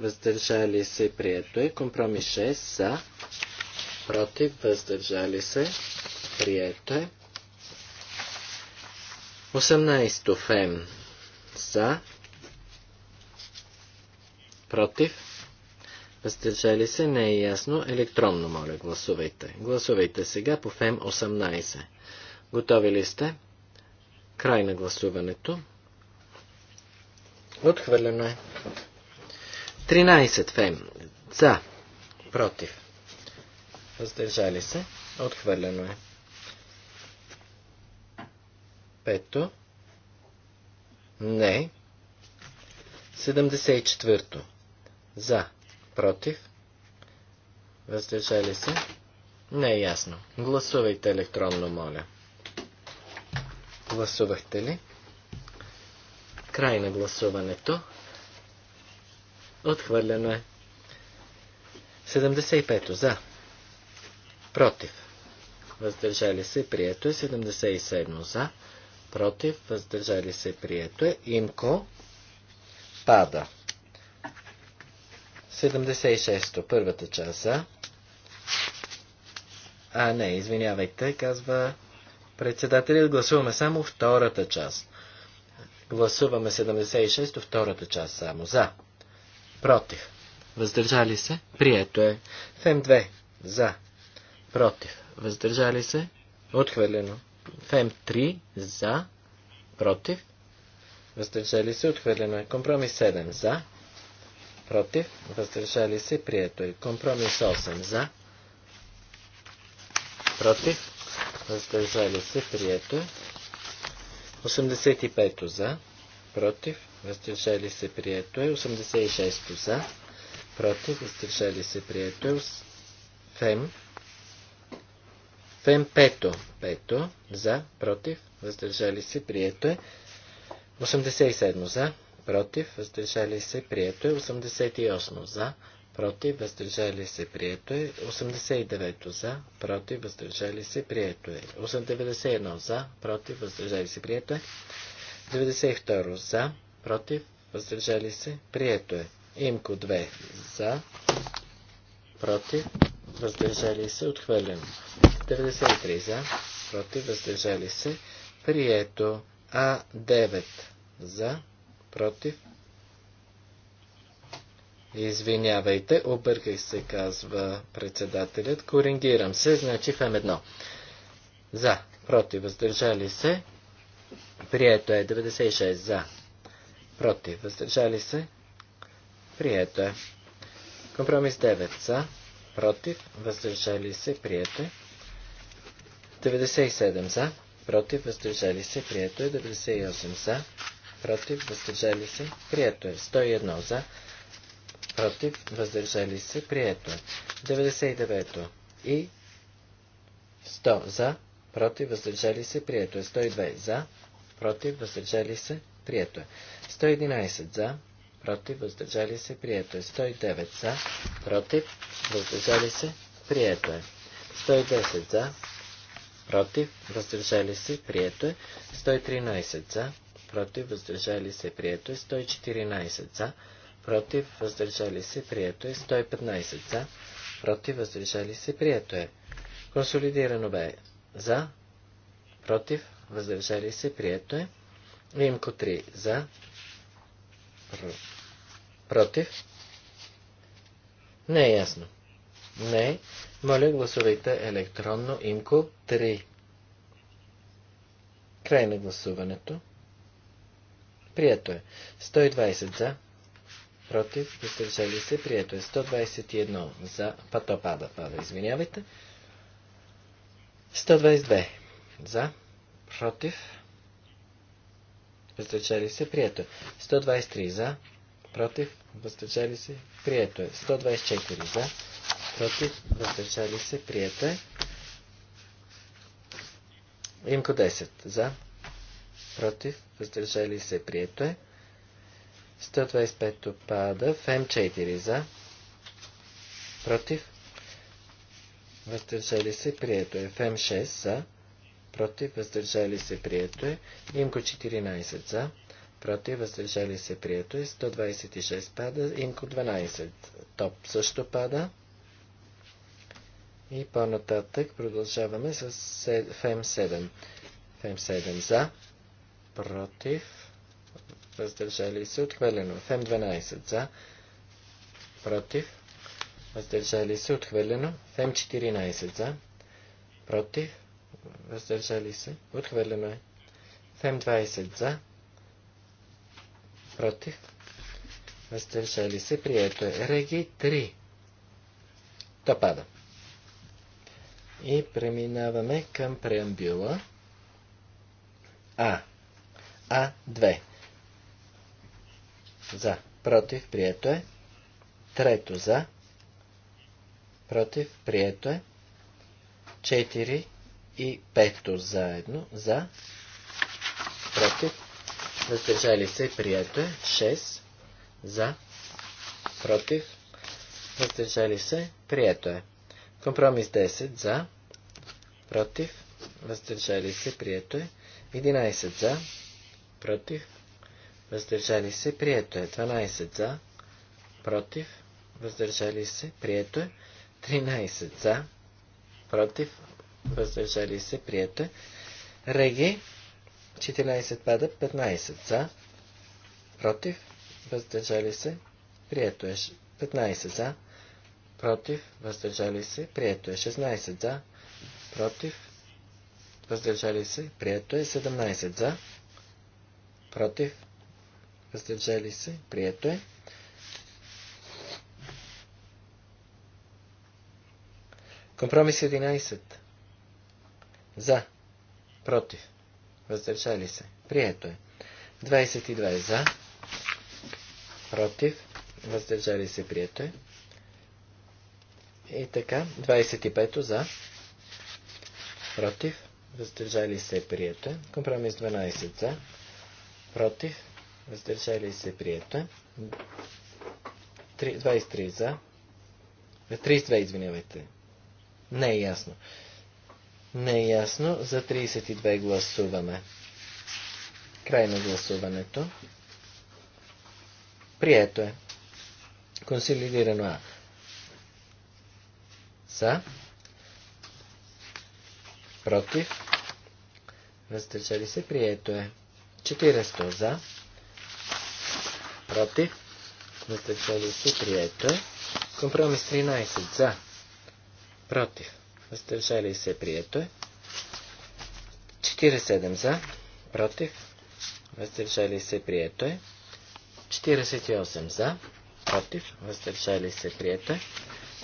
въздържали се, прието е. Компромис 6 за, против, въздържали се, прието е. 18 фем за, против, въздържали се, не е ясно, електронно моля, гласувайте. Гласувайте сега по фем 18. Готови ли сте? Край на гласуването. Отхвърлено е. 13 фем. За. Против. Въздържали се. Отхвърлено е. Пето. Не. 74. За. Против. Въздържали се. Не е ясно. Гласувайте електронно, моля. Гласувахте ли? Край на гласуването. Отхвърлено е. 75 за. Против. Въздържали се. Прието е. 77 за. Против. Въздържали се. Прието е. Имко. Пада. 76-то. Първата част за. А, не, извинявайте, казва председателят. Гласуваме само втората част. Гласуваме 76-то, втората част само за против, въздържали се, прието е. Фем 2 за, против, въздържали се, отхвърлено. Фем 3 за, против, въздържали се, отхвърлено е. Компромис 7 за, против, въздържали се, прието е. Компромис 8 за, против, въздържали се, прието е. 85 за, против, въздържали се прието е 86 за, против, въздържали се прието е фем, фем пето, пето, за, против, въздържали се прието е 87 за, против, въздържали се прието е 88 за, против, въздържали се, прието е. 89 за, против, въздържали се, прието е. 91 за, против, въздържали се, прието е. 92 за, против, въздържали се, прието е. Имко 2 за, против, въздържали се, отхвърлено. 93 за, против, въздържали се, прието. А9 за, против. Извинявайте, обърках се, казва председателят. Корингирам се, значи в М1. За, против, въздържали се, прието е 96 за, против, въздържали се, прието е. Компромис 9 за, против, въздържали се, прието е. 97 за, против, въздържали се, прието е. 98 за, против, въздържали се, прието е. 101 за, против, въздържали се, прието е. 99 и 100 за, против, въздържали се, прието е. 102 за, против, въздържали се, Прието е. 111 за, против, въздържали се, прието е. 109 за, против, въздържали се, прието е. 110 за, против, въздържали се, прието е. 113 за, против, въздържали се, прието е. 114 за, против, въздържали се, прието е. 115 за, против, въздържали се, прието е. Консолидирано бе за, против, въздържали се, прието е. Имко 3 за. Против. Не е ясно. Не. Моля, гласувайте електронно имко 3. Край на гласуването. Прието е. 120 за. Против. Въздържали се. Прието е. 121 за. Пато пада. Пада. Извинявайте. 122 за. Против въздържали се, прието е. 123 за, против, въздържали се, прието е. 124 за, против, въздържали се, прието е. Имко 10 за, против, въздържали се, прието е. 125 пада, Фем 4 за, против, въздържали се, прието е. ФМ 6 за, против, въздържали се, прието е. Имко 14 за, против, въздържали се, прието е. 126 пада, имко 12. Топ също пада. И по-нататък продължаваме с фем 7. Фем 7 за, против, въздържали се, отхвърлено. Фем 12 за, против, въздържали се, отхвърлено. Фем 14 за, против, въздържали се, отхвърлено е. 7.20 за, против, въздържали се, прието е. Реги 3. То пада. И преминаваме към преамбюла. А. А2. За. Против. Прието е. Трето за. Против. Прието е. 4 и пето заедно за против. Въздържали се, прието е. 6 за против. Въздържали се, прието е. Компромис 10 за против. Въздържали се, прието е. 11 за против. Въздържали се, прието е. 12 за против. Въздържали се, прието е. 13 за против въздържали се, прието. Реги 14 пада, 15 за, против, въздържали се, прието е 15 за, против, въздържали се, прието е 16 за, против, въздържали се, прието е 17 за, против, въздържали се, прието е. Компромис 11 за. Против. Въздържали се. Прието е. 22 за. Против. Въздържали се. Прието е. И така. 25 за. Против. Въздържали се. Прието е. Компромис 12 за. Против. Въздържали се. Прието е. 23 за. 32, извинявайте. Не е ясно. Не е ясно. За 32 гласуваме. Край на гласуването. Прието е. Консолидирано А. За. Против. Въздържали се. Прието е. 400 за. Против. Въздържали се. Прието е. Компромис 13 за. Против въздържали се, прието е. 47 за, против, въздържали се, прието е. 48 за, против, въздържали се, прието е.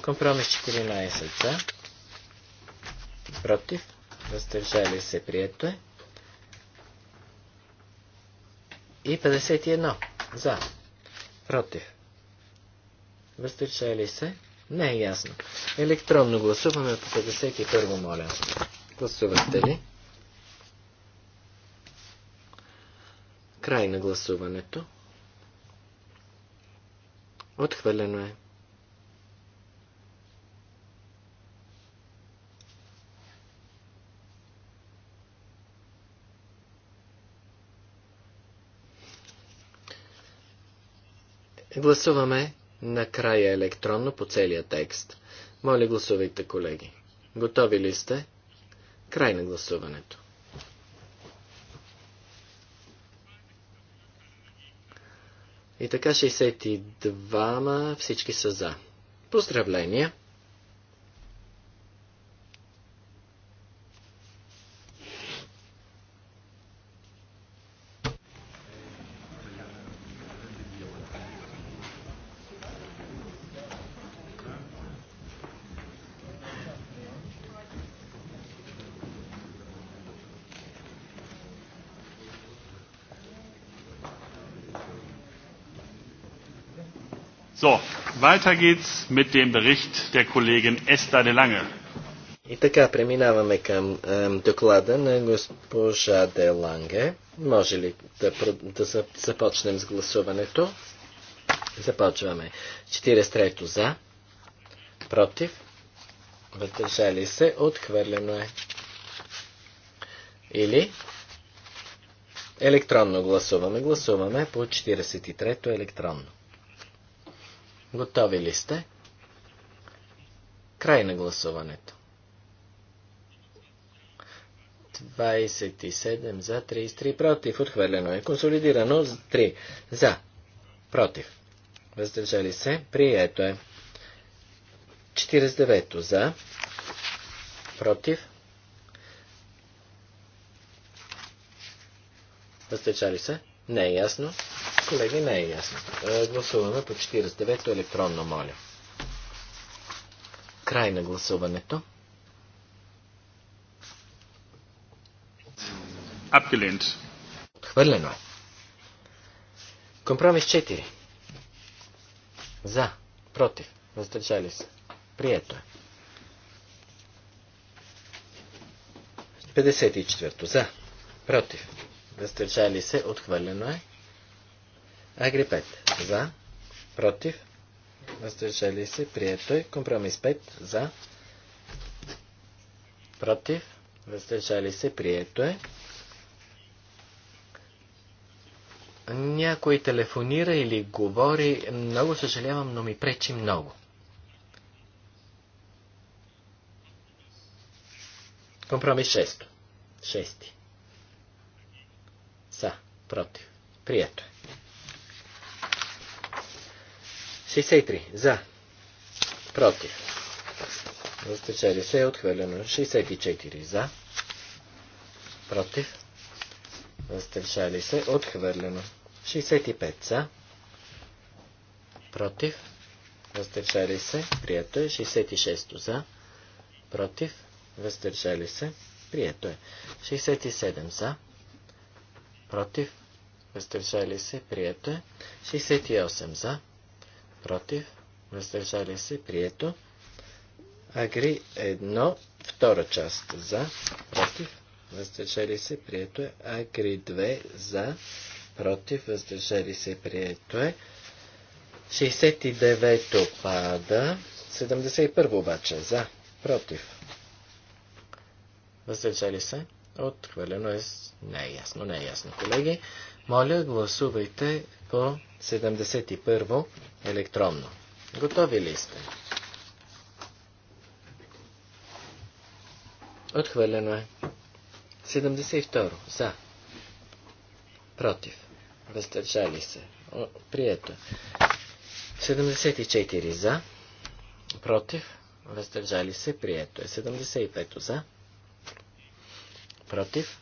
Компромис 14 за, против, въздържали се, прието е. И 51 за, против, въздържали се, не е ясно. Електронно гласуваме по 51 моля. Гласувате ли? Край на гласуването. Отхвърлено е. Гласуваме накрая електронно по целия текст. Моля гласувайте, колеги. Готови ли сте? Край на гласуването. И така 62-ма всички са за. Поздравления! So, weiter geht's mit dem Bericht der Kollegin Esther de Lange. И така преминаваме към е, доклада на госпожа Деланге. Може ли да, да започнем с гласуването? Започваме. 43-то за, против, въздържали се, отхвърлено е. Или електронно гласуваме. Гласуваме по 43-то електронно. Готови ли сте? Край на гласуването. 27 за, 33 против. Отхвърлено е. Консолидирано 3 за, против. Въздържали се. Прието е. 49 за, против. Въздържали се. Не е ясно. Колеги, не е ясно. Е, гласуваме по 49-то електронно, моля. Край на гласуването. Abgelehnt. Отхвърлено е. Компромис 4. За. Против. Въздържали се. Прието е. 54. За. Против. Въздържали се. Отхвърлено е. Агри 5. За. Против. Въздържали се. Прието е. Компромис 5. За. Против. Въздържали се. Прието е. Някой телефонира или говори. Много съжалявам, но ми пречи много. Компромис 6. 6. За. Против. Прието е. 63. За. Против. Въздържали се е отхвърлено. 64. За. Против. Въздържали се отхвърлено. 65. За. Против. Въздържали се. Прието е. 66. За. Против. Въздържали се. Прието е. 67. За. Против. Въздържали се. Прието е. 68. За против, въздържали се, прието. Агри едно, втора част за, против, въздържали се, прието е. Агри 2 за, против, въздържали се, прието е. 69-то пада, 71 обаче за, против. Въздържали се, отхвърлено е, не е ясно, не е ясно, колеги. Моля, гласувайте по 71 електронно. Готови ли сте? Отхвърлено е. 72. За. Против. Въздържали се. О, прието. 74. За. Против. Въздържали се. Прието е. 75. За. Против.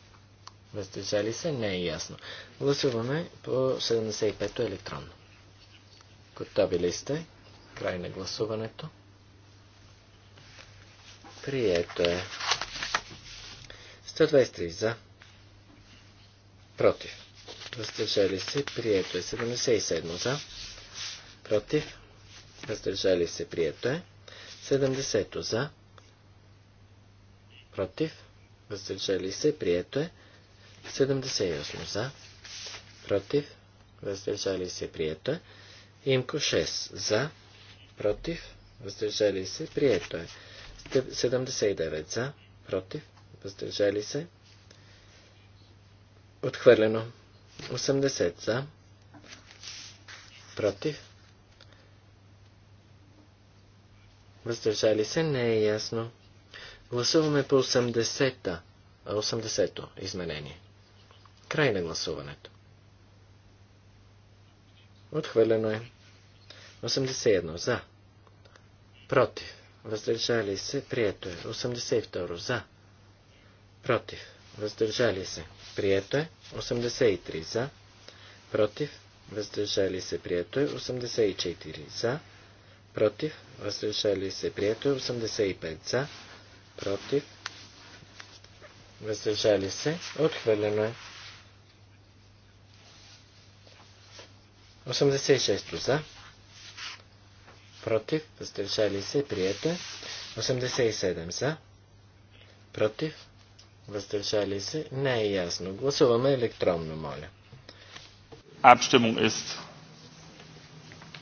Въздържали се? Не е ясно. Гласуваме по 75-то електронно. Готови ли сте? Край на гласуването. Прието е. 123 за. Против. Въздържали се. Прието е. 77 за. Против. Въздържали се. Прието е. 70 за. Против. Въздържали се. Прието е. 78 за, против, въздържали се, прието е. Имко 6 за, против, въздържали се, прието е. 79 за, против, въздържали се, отхвърлено. 80 за, против, въздържали се, не е ясно. Гласуваме по 80-та, 80-то изменение. Край на гласуването. Отхвърлено е. 81 за. Против. Въздържали се. Прието е. 82 за. Против. Въздържали се. Прието е. 83 за. Против. Въздържали се. Прието е. 84 за. Против. Въздържали се. Прието е. 85 за. Против. Въздържали се. Отхвърлено е. 86 за. Против. Въздържали се. Приете. 87 за. Против. Въздържали се. Не е ясно. Гласуваме електронно, моля. Abstimmung е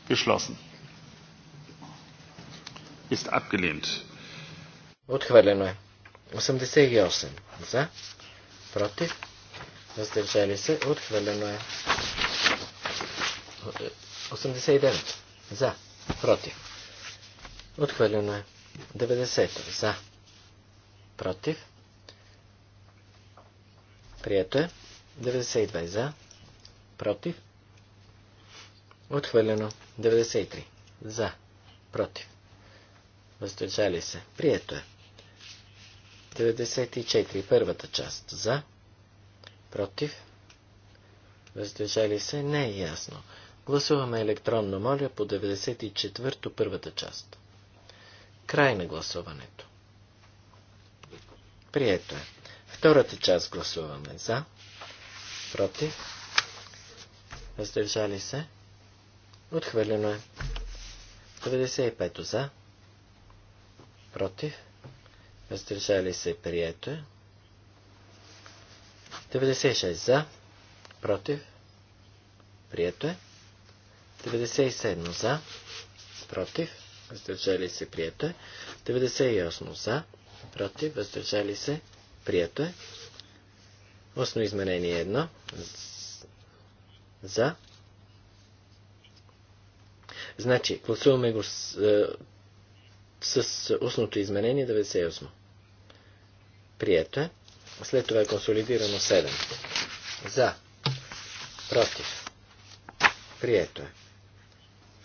geschlossen. Ist abgelehnt. Отхвърлено е. 88 за. Против. Въздържали се. Отхвърлено е. 89. За. Против. Отхвърлено е. 90. За. Против. Прието е. 92. За. Против. Отхвърлено. 93. За. Против. Въздържали се. Прието е. 94. Първата част. За. Против. Въздържали се. Не е ясно. Гласуваме електронно, моля, по 94-то първата част. Край на гласуването. Прието е. Втората част гласуваме за, против, въздържали се, отхвърлено е. 95 за, против, въздържали се, прието е. 96 за, против, прието е. 97 за, против, въздържали се, прието е. 98 за, против, въздържали се, прието е. Осно изменение 1 за. Значи, гласуваме го с, е, с устното изменение 98. Прието е. След това е консолидирано 7. За. Против. Прието е.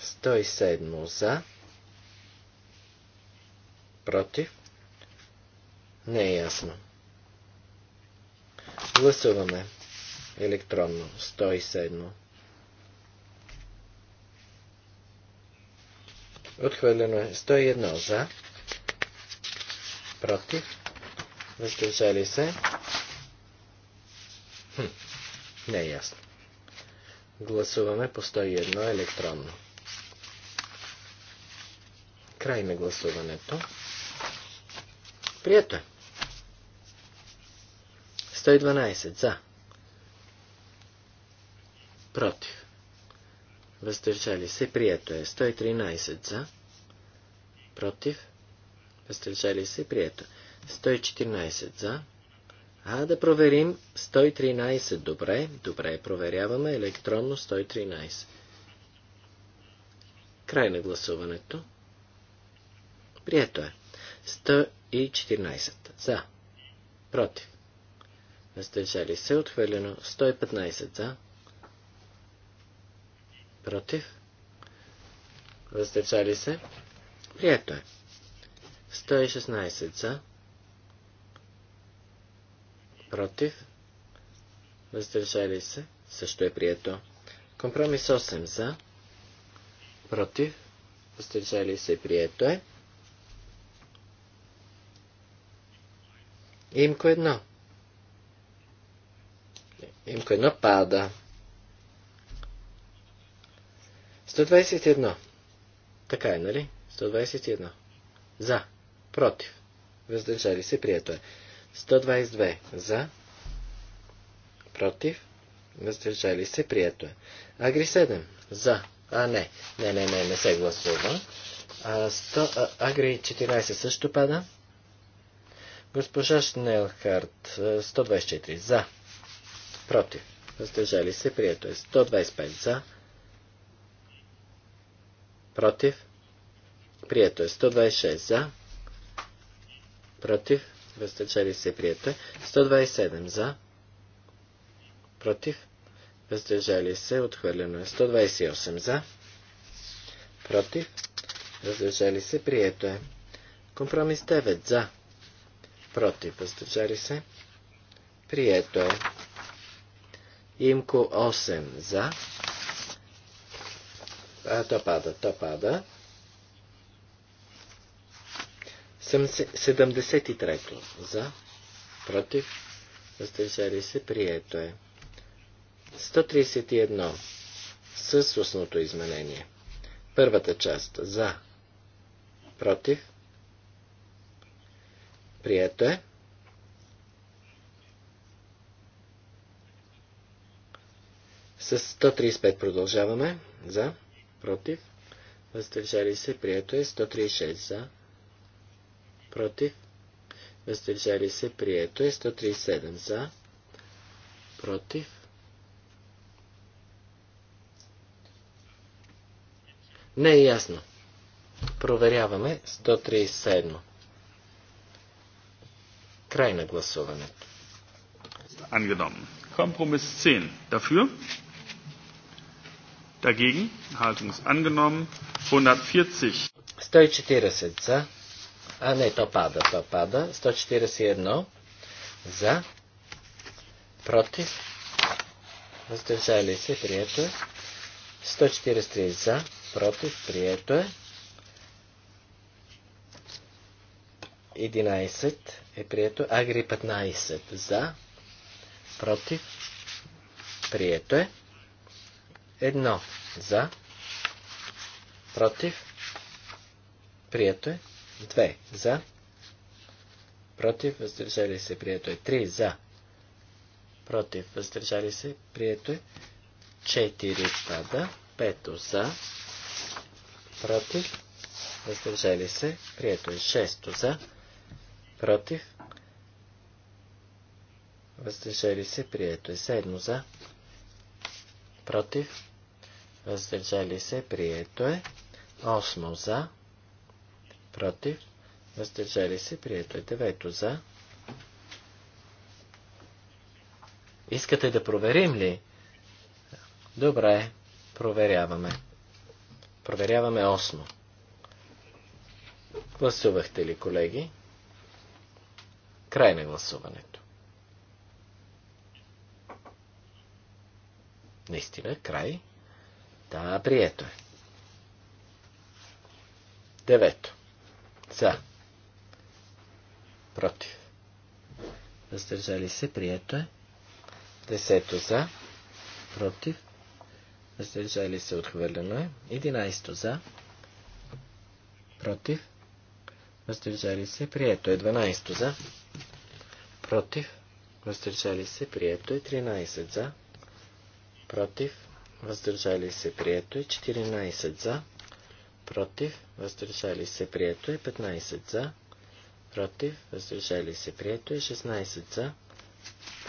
107 за, против, не е ясно. Гласуваме електронно 107. Отхвърлено е 101 за, против, въздържали се. Хм, не е ясно. Гласуваме по 101 електронно. Край на гласуването. Прието е. 112 за. Против. Въздържали се. Прието е. 113 за. Против. Въздържали се. Прието. 114 е. за. А да проверим 113. Добре, добре, проверяваме електронно 113. Край на гласуването. Прието е. 114. За. Против. Въздържали се. Отхвърлено. 115. За. Против. Въздържали се. Прието е. 116. За. Против. Въздържали се. Също е прието. Компромис 8 за. Против. Въздържали се. Прието е. Имко едно. Емко едно пада. 121. Така е, нали? 121. За. Против. Въздържали се, прието е. 122. За. Против. Въздържали се, прието е. Агри 7. За. А, не. Не, не, не, не се гласува. А, 100, а, агри 14 също пада. Госпожа Шнелхарт, 124 е, за. Против. Въздържали се. Прието е. 125 за. Против. Прието е. 126 за. Против. Въздържали се. Прието е. 127 за. Против. Въздържали се. Отхвърлено е. 128 за. Против. Въздържали се. Прието е. Компромис 9 за против, въздържали се. Прието е. Имко 8 за. А, то пада, то пада. 73 за. Против, въздържали се. Прието е. 131 с устното изменение. Първата част за. Против, Прието е. С 135 продължаваме. За. Против. Въздържали се. Прието е. 136 за. Против. Въздържали се. Прието е. 137 за. Против. Не е ясно. Проверяваме 137. Край на гласуването. Angenommen. Компромис 10. Дафюр. Дагеген. Haltung ist 140. 140 за. А не, то пада, то пада. 141 за. Против. Въздържали се. Прието е. 143 за. Против. Прието е. 11 е прието. Агри 15 за. Против. Прието е. Едно за. Против. Прието е. 2 за. Против. Въздържали се. Прието е. 3 за. Против. Въздържали се. Прието е. 4 пада. 5 за. Против. Въздържали се. Прието е. 6 за против, въздържали се, прието е. Седмо за, против, въздържали се, прието е. Осмо за, против, въздържали се, прието е. Девето за. Искате да проверим ли? Добре, проверяваме. Проверяваме осмо. Гласувахте ли, колеги? Край на гласуването. Наистина, край. Да, прието е. Девето. За. Против. Въздържали се, прието е. Десето за. Против. Въздържали се, отхвърлено е. Единайсто за. Против. Въздържали се, прието е. Дванайсто за против, въздържали се, прието е 13 за, против, въздържали се, прието е 14 за, против, въздържали се, прието е 15 за, против, въздържали се, прието е 16 за,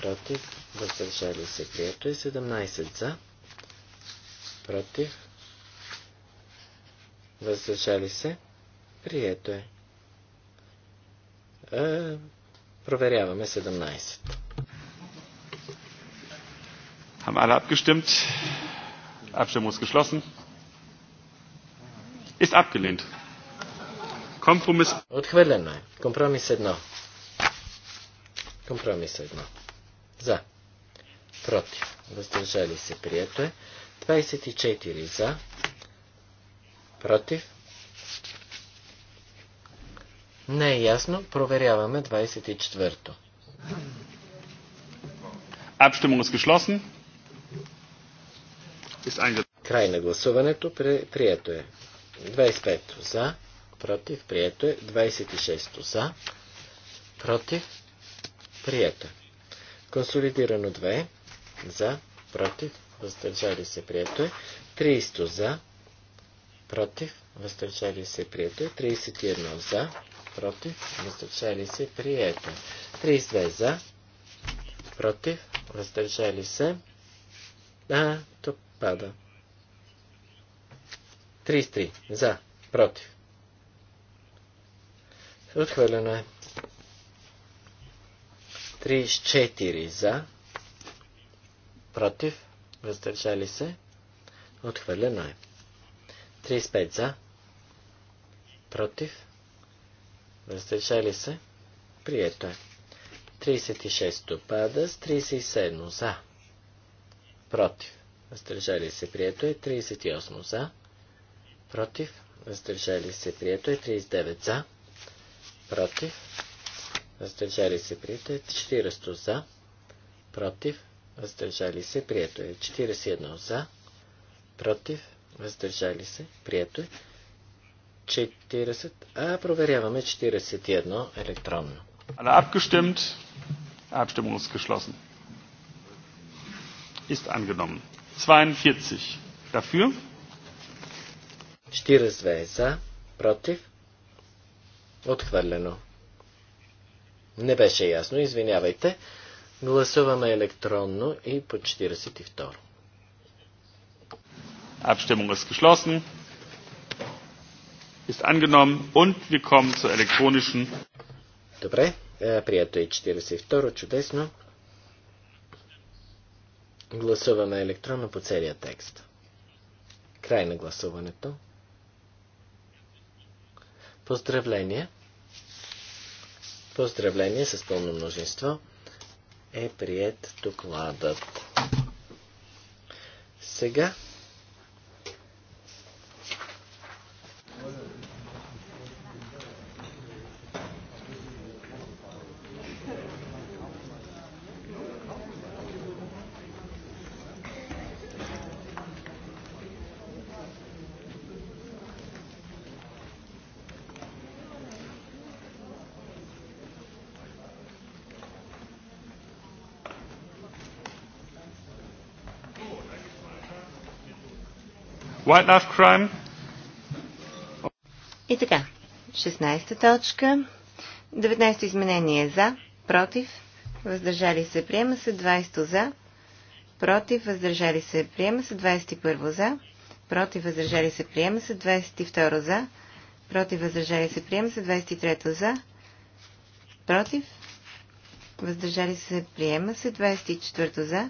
против, въздържали се, прието е 17 за, против, въздържали се, прието е. е Проверяваме 17. Haben alle abgestimmt? Abstimmung ist geschlossen. Ist abgelehnt. Kompromiss. Отхвърлено е. Компромис едно. Компромис едно. За. Против. Въздържали се. Прието е. 24 за. Против. Не е ясно. Проверяваме 24-то. Abstimmung ist geschlossen. Край на гласуването. При, прието е. 25-то за. Против. Прието е. 26-то за. Против. Прието е. Консолидирано 2. За. Против. Въздържали се. Прието е. 30 за. Против. Въздържали се. Прието е. 31 за против, въздържали се, прието. 32 за, против, въздържали се. А, тук пада. 33 за, против. Отхвърлено е. 34 за, против, въздържали се. Отхвърлено е. 35 за, против, Въздържали се? Прието е. 36 пада с 37 за. Против. Въздържали се прието е 38 за. Против. Въздържали се прието е 39 за. Против. Въздържали се прието е 40 за. Против. Въздържали се прието е 41 за. Против. Въздържали се прието е 40. А, проверяваме 41 електронно. Alle abgestimmt. Abstimmung ist geschlossen. Ist angenommen. 42 dafür. 42 за, против. Отхвърлено. Не беше ясно, извинявайте. Гласуваме електронно и по 42. Abstimmung ist geschlossen ist angenommen und wir kommen zur elektronischen. Добре, е, прието е 42, чудесно. Гласуваме електронно по целия текст. Край на гласуването. Поздравление. Поздравление с пълно множество е прият докладът. Сега Wildlife crime. И така, 16-та точка. 19-то изменение е за, против, въздържали се, приема се, 20-то за, против, въздържали се, приема се, 21-то за, против, въздържали се, приема се, 22-то за, против, въздържали се, приема се, 23-то за, против, въздържали се, приема се, 24-то за,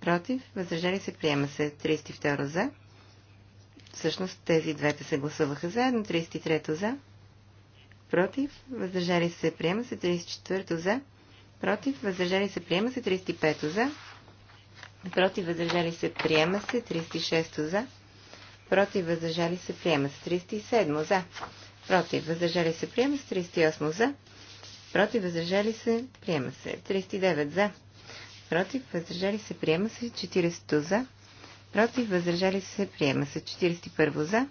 против, въздържали се, приема се 32 за. Всъщност тези двете се гласуваха заедно. 33 за, против, въздържали се, приема се 34 за, против, въздържали се, приема се 35 за, против, въздържали се, приема се 36 за, против, въздържали се, приема се 37 за, против, въздържали се, приема се 38 за, против, въздържали се, приема се 39 за против, въздържали се, приема се 40 за, против, въздържали се, приема се 41 за,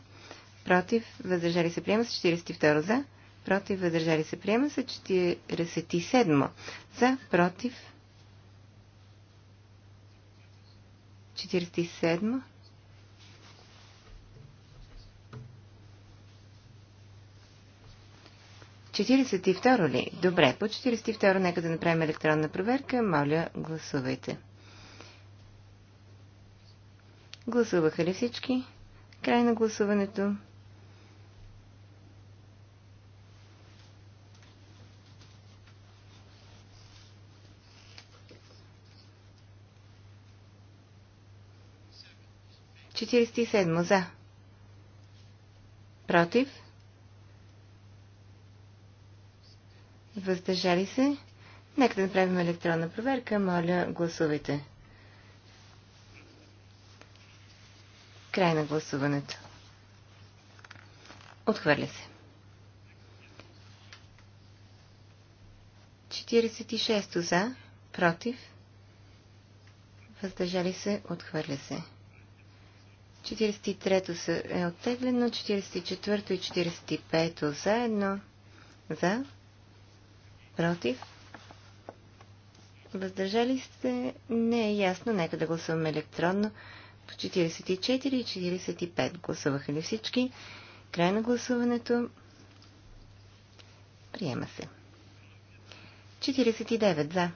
против, въздържали се, приема се 42 за, против, въздържали се, приема се 47 за, против, 47 42 ли? Добре, по 42 нека да направим електронна проверка. Моля, гласувайте. Гласуваха ли всички? Край на гласуването. Четиристи седмо за. Против? Въздържали се? Нека да направим електронна проверка. Моля, гласувайте. Край на гласуването. Отхвърля се. 46 за, против, въздържали се, отхвърля се. 43-то е оттеглено, 44-то и 45-то заедно, за, Против? Въздържали сте? Не е ясно. Нека да гласуваме електронно. По 44 и 45 гласуваха ли всички? Край на гласуването. Приема се. 49 за.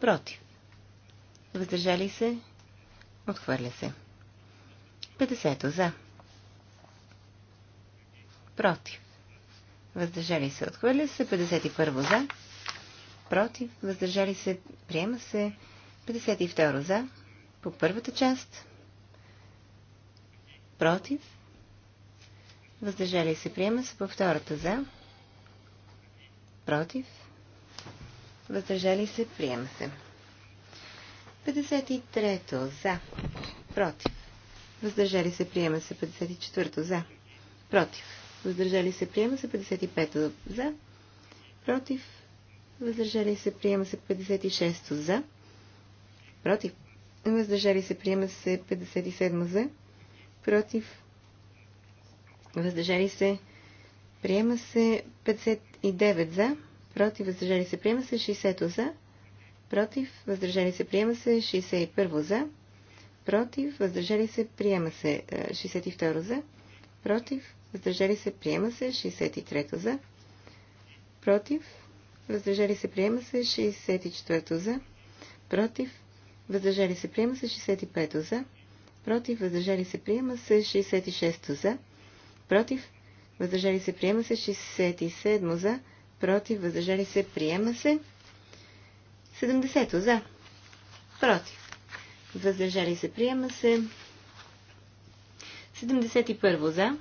Против. Въздържали се? Отхвърля се. 50 за. Против въздържали се, отхвърля се. 51 за, против, въздържали се, приема се. 52 за, по първата част, против, въздържали се, приема се. По втората за, против, въздържали се, приема се. 53 за, против, въздържали се, приема се. 54 за, против въздържали се, приема се 55 за, против, въздържали се, приема се 56 за, против, въздържали се, приема се 57 за, против, въздържали се, приема се 59 за, против, въздържали се, приема се 60 за, против, въздържали се, приема се 61 за, против, въздържали се, приема се 62 за, против, въздържали се, приема се. 63-то за, против, въздържали се, приема се. 64-то за, против, въздържали се, приема се. 65-то за, против, въздържали се, приема се. 66-то за, против, въздържали се, приема се. 67-то за, против, въздържали се, приема се. 70-то за, против, въздържали се, приема се. 71 за,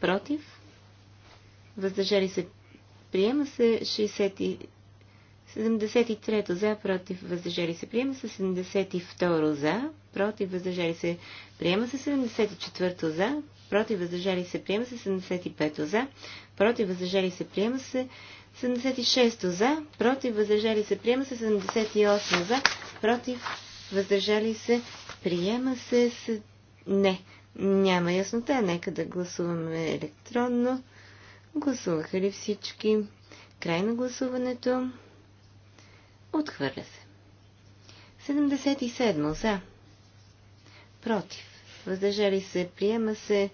против, въздържали се, приема се 60 и... 73 за, против, въздържали се, приема се 72 за, против, въздържали се, приема се 74 за, против, въздържали се, приема се 75 за, против, въздържали се, приема се 76 за, против, въздържали се, приема се 78 за, против, въздържали се, приема се, с... не, няма яснота, нека да гласуваме електронно. Гласуваха ли всички? Край на гласуването. Отхвърля се. 77 за. Против. Въздържали се. Приема се.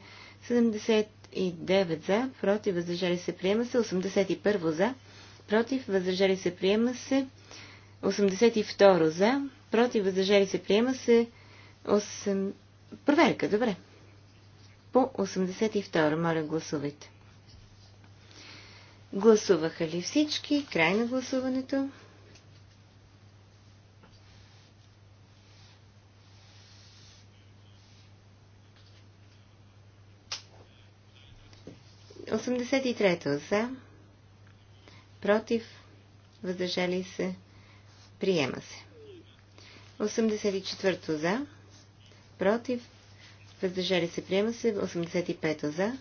79 за. Против. Въздържали се. Приема се. 81 за. Против. Въздържали се. Приема се. 82 за. Против. Въздържали се. Приема се. 8... Проверка. Добре по 82. Моля, гласувайте. Гласуваха ли всички? Край на гласуването. Осемдесет и трето за, против, въздържали се, приема се. 84 за, против, въздържали се, приема се 85 за,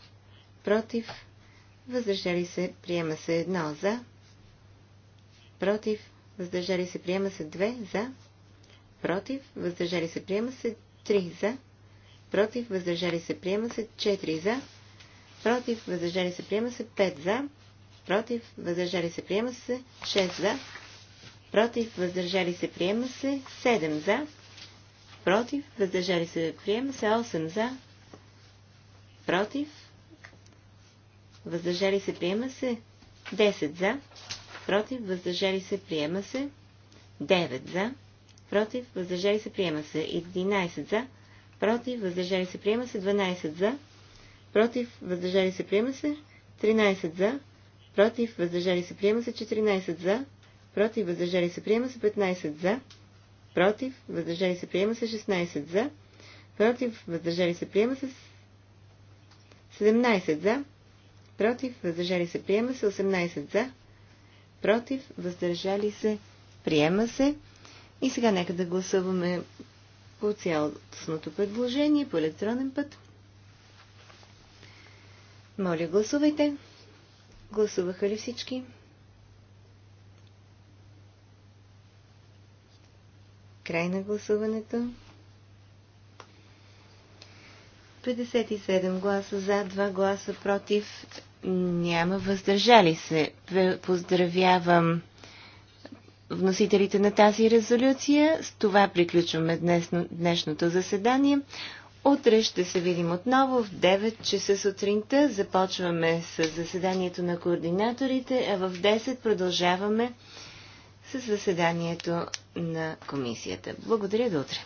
против, въздържали се, приема се 1 за, против, въздържали се, приема се 2 за, против, въздържали се, приема се 3 за, против, въздържали се, приема се 4 за, против, въздържали се, приема се 5 за, против, въздържали се, приема се 6 за, против, въздържали се, приема се 7 за, против, въздържали се, приема се 8 за, против, въздържали се, приема се 10 за, против, въздържали се, приема се 9 за, против, въздържали се, приема се 11 за, против, въздържали се, приема се 12 за, против, въздържали се, приема се 13 за, против, въздържали се, приема се 14 за, против, въздържали се, приема се 15 за, против, въздържали се, приема се 16 за, против, въздържали се, приема се 17 за, против, въздържали се, приема се 18 за, против, въздържали се, приема се. И сега нека да гласуваме по цялостното предложение по електронен път. Моля, гласувайте. Гласуваха ли всички? Край на гласуването. 57 гласа за, 2 гласа против, няма въздържали се. Поздравявам вносителите на тази резолюция. С това приключваме днесно, днешното заседание. Утре ще се видим отново в 9 часа сутринта. Започваме с заседанието на координаторите, а в 10 продължаваме с заседанието на комисията. Благодаря до утре.